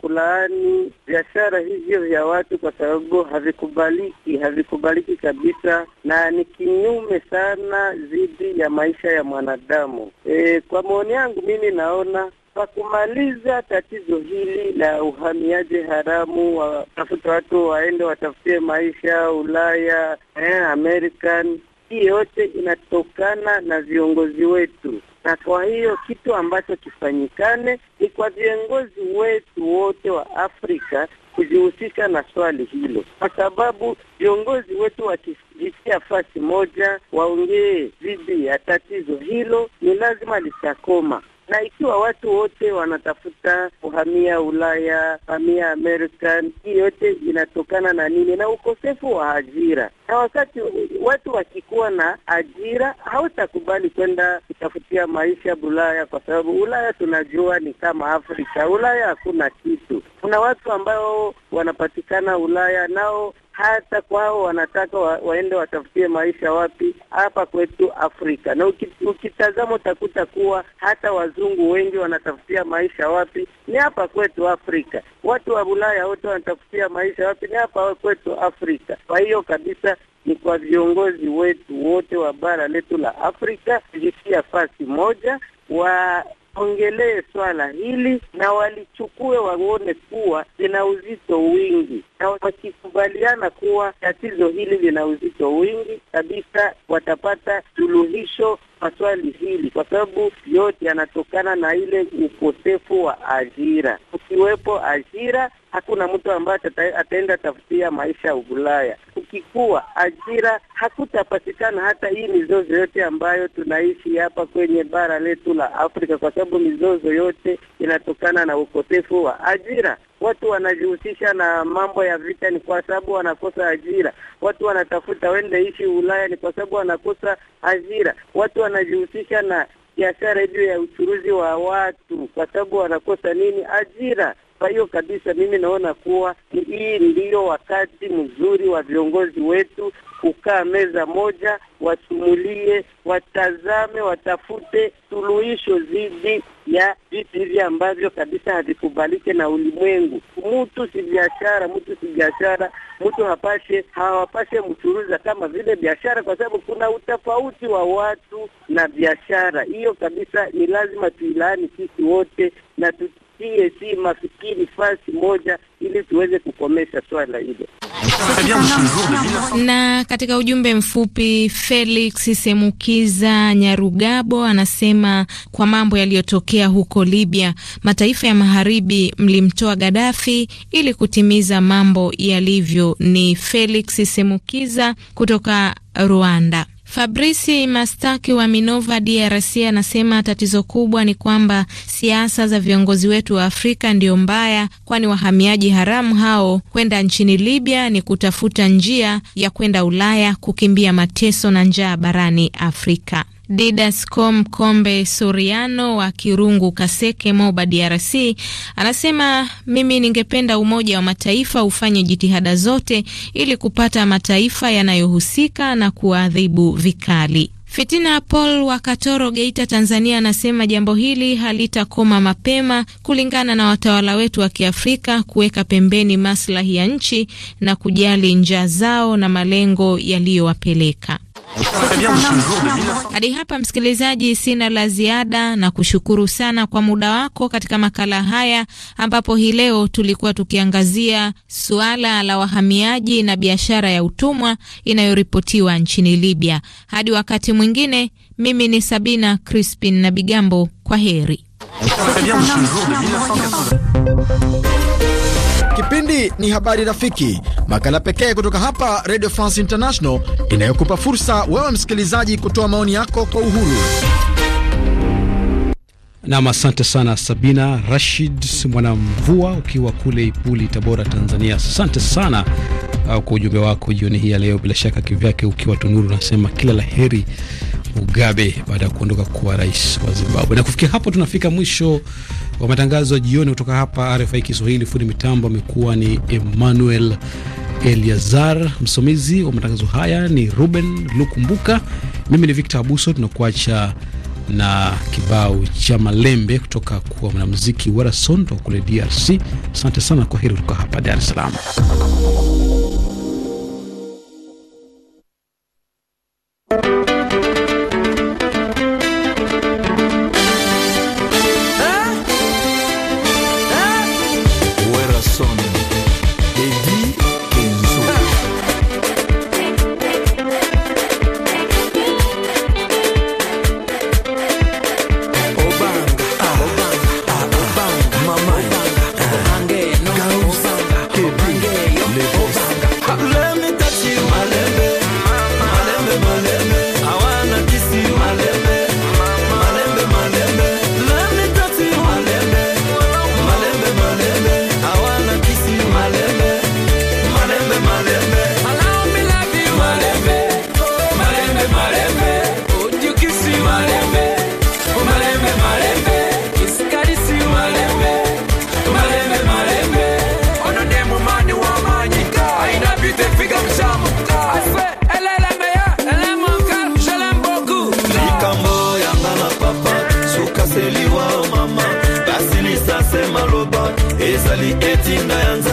kulaani biashara hivyo vya watu kwa sababu havikubaliki, havikubaliki kabisa na ni kinyume sana dhidi ya maisha ya mwanadamu. E, kwa maoni yangu mimi naona kwa kumaliza tatizo hili la uhamiaji haramu, watafuta watu waende watafutie maisha Ulaya, eh, American. Hii yote inatokana na viongozi wetu na kwa hiyo kitu ambacho kifanyikane ni kwa viongozi wetu wote wa Afrika kujihusisha na swali hilo, kwa sababu viongozi wetu wakijitia fasi moja waongee dhidi ya tatizo hilo, ni lazima litakoma na ikiwa watu wote wanatafuta kuhamia Ulaya, hamia Amerika, hii yote inatokana na nini? Na ukosefu wa ajira. Na wakati watu wakikuwa na ajira, hawatakubali kwenda kutafutia maisha Ulaya, kwa sababu Ulaya tunajua ni kama Afrika. Ulaya hakuna kitu. Kuna watu ambao wanapatikana Ulaya nao hata kwao wanataka wa, waende watafutie maisha wapi hapa kwetu Afrika. Na ukitazama utakuta kuwa hata wazungu wengi wanatafutia maisha wapi? Ni hapa kwetu Afrika. Watu wa Bulaya wote wanatafutia maisha wapi? Ni hapa kwetu Afrika. Kwa hiyo kabisa ni kwa viongozi wetu wote wa bara letu la Afrika kujitia fasi moja wa ongelee swala hili na walichukue waone kuwa lina uzito wingi na wakikubaliana kuwa tatizo hili lina uzito wingi kabisa, watapata suluhisho kwa swali hili, kwa sababu yote yanatokana na ile ukosefu wa ajira. Ukiwepo ajira, hakuna mtu ambaye ataenda tafutia maisha ya Ulaya. ukikuwa ajira, hakutapatikana hata hii mizozo yote ambayo tunaishi hapa kwenye bara letu la Afrika, kwa sababu mizozo yote inatokana na ukosefu wa ajira watu wanajihusisha na mambo ya vita ni kwa sababu wanakosa ajira. Watu wanatafuta wende ishi Ulaya ni kwa sababu wanakosa ajira. Watu wanajihusisha na biashara hiyo ya uchuruzi wa watu kwa sababu wanakosa nini? Ajira. Kwa hiyo kabisa, mimi naona kuwa hii ndiyo wakati mzuri wa viongozi wetu kukaa meza moja, wasumulie, watazame, watafute suluhisho dhidi ya vitu hivi ambavyo kabisa havikubalike na ulimwengu. Mtu si biashara, mtu si biashara, mtu hapashe hawapashe mchuruza kama vile biashara, kwa sababu kuna utofauti wa watu na biashara. Hiyo kabisa ni lazima tuilaani sisi wote na tu si mafikiri fasi moja ili tuweze kukomesha swala hilo. Na katika ujumbe mfupi, Felix Semukiza Nyarugabo anasema kwa mambo yaliyotokea huko Libya, mataifa ya magharibi mlimtoa Gaddafi ili kutimiza mambo yalivyo. Ni Felix Semukiza kutoka Rwanda fabrisi Mastaki wa Minova, DRC, anasema tatizo kubwa ni kwamba siasa za viongozi wetu wa Afrika ndiyo mbaya, kwani wahamiaji haramu hao kwenda nchini Libya ni kutafuta njia ya kwenda Ulaya kukimbia mateso na njaa barani Afrika. Didascom Kombe Suriano wa Kirungu Kaseke, Moba, DRC anasema, mimi ningependa Umoja wa Mataifa ufanye jitihada zote ili kupata mataifa yanayohusika na kuwaadhibu vikali. Fitina Paul wa Katoro, Geita, Tanzania anasema jambo hili halitakoma mapema kulingana na watawala wetu wa Kiafrika kuweka pembeni maslahi ya nchi na kujali njaa zao na malengo yaliyowapeleka hadi hapa msikilizaji, sina la ziada na kushukuru sana kwa muda wako katika makala haya, ambapo hii leo tulikuwa tukiangazia suala la wahamiaji na biashara ya utumwa inayoripotiwa nchini Libya. Hadi wakati mwingine, mimi ni Sabina Crispin na Bigambo, kwa heri. Kipindi ni Habari Rafiki, makala pekee kutoka hapa Radio France International inayokupa fursa wewe msikilizaji kutoa maoni yako kwa uhuru. Nam, asante sana Sabina Rashid Mwanamvua, ukiwa kule Ipuli, Tabora, Tanzania. Asante sana uh, kwa ujumbe wako jioni hii ya leo. Bila shaka kivyake ukiwa tunuru, nasema kila la heri Mugabe baada ya kuondoka kuwa rais wa Zimbabwe. Na kufikia hapo tunafika mwisho wa matangazo ya jioni kutoka hapa RFI Kiswahili. Fundi mitambo amekuwa ni Emmanuel Eliazar, msimamizi wa matangazo haya ni Ruben Lukumbuka, mimi ni Victor Abuso. Tunakuacha na kibao cha Malembe kutoka kwa mwanamuziki Warasondo kule DRC. Asante sana, kwa heri kutoka hapa Dar es Salaam. ezali etinda ya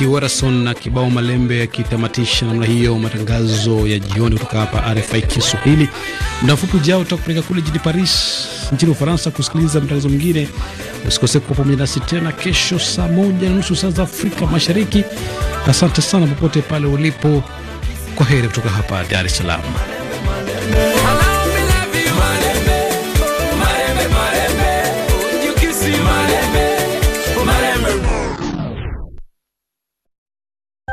Ricky Warason na kibao Malembe yakitamatisha namna hiyo matangazo ya jioni kutoka hapa RFI Kiswahili. Muda mfupi ujao tutakupeleka kule jijini Paris nchini Ufaransa kusikiliza matangazo mengine. Usikose kuwa pamoja nasi tena kesho saa moja na nusu saa za Afrika Mashariki. Asante sana popote pale ulipo, kwa heri kutoka hapa Dar es Salaam.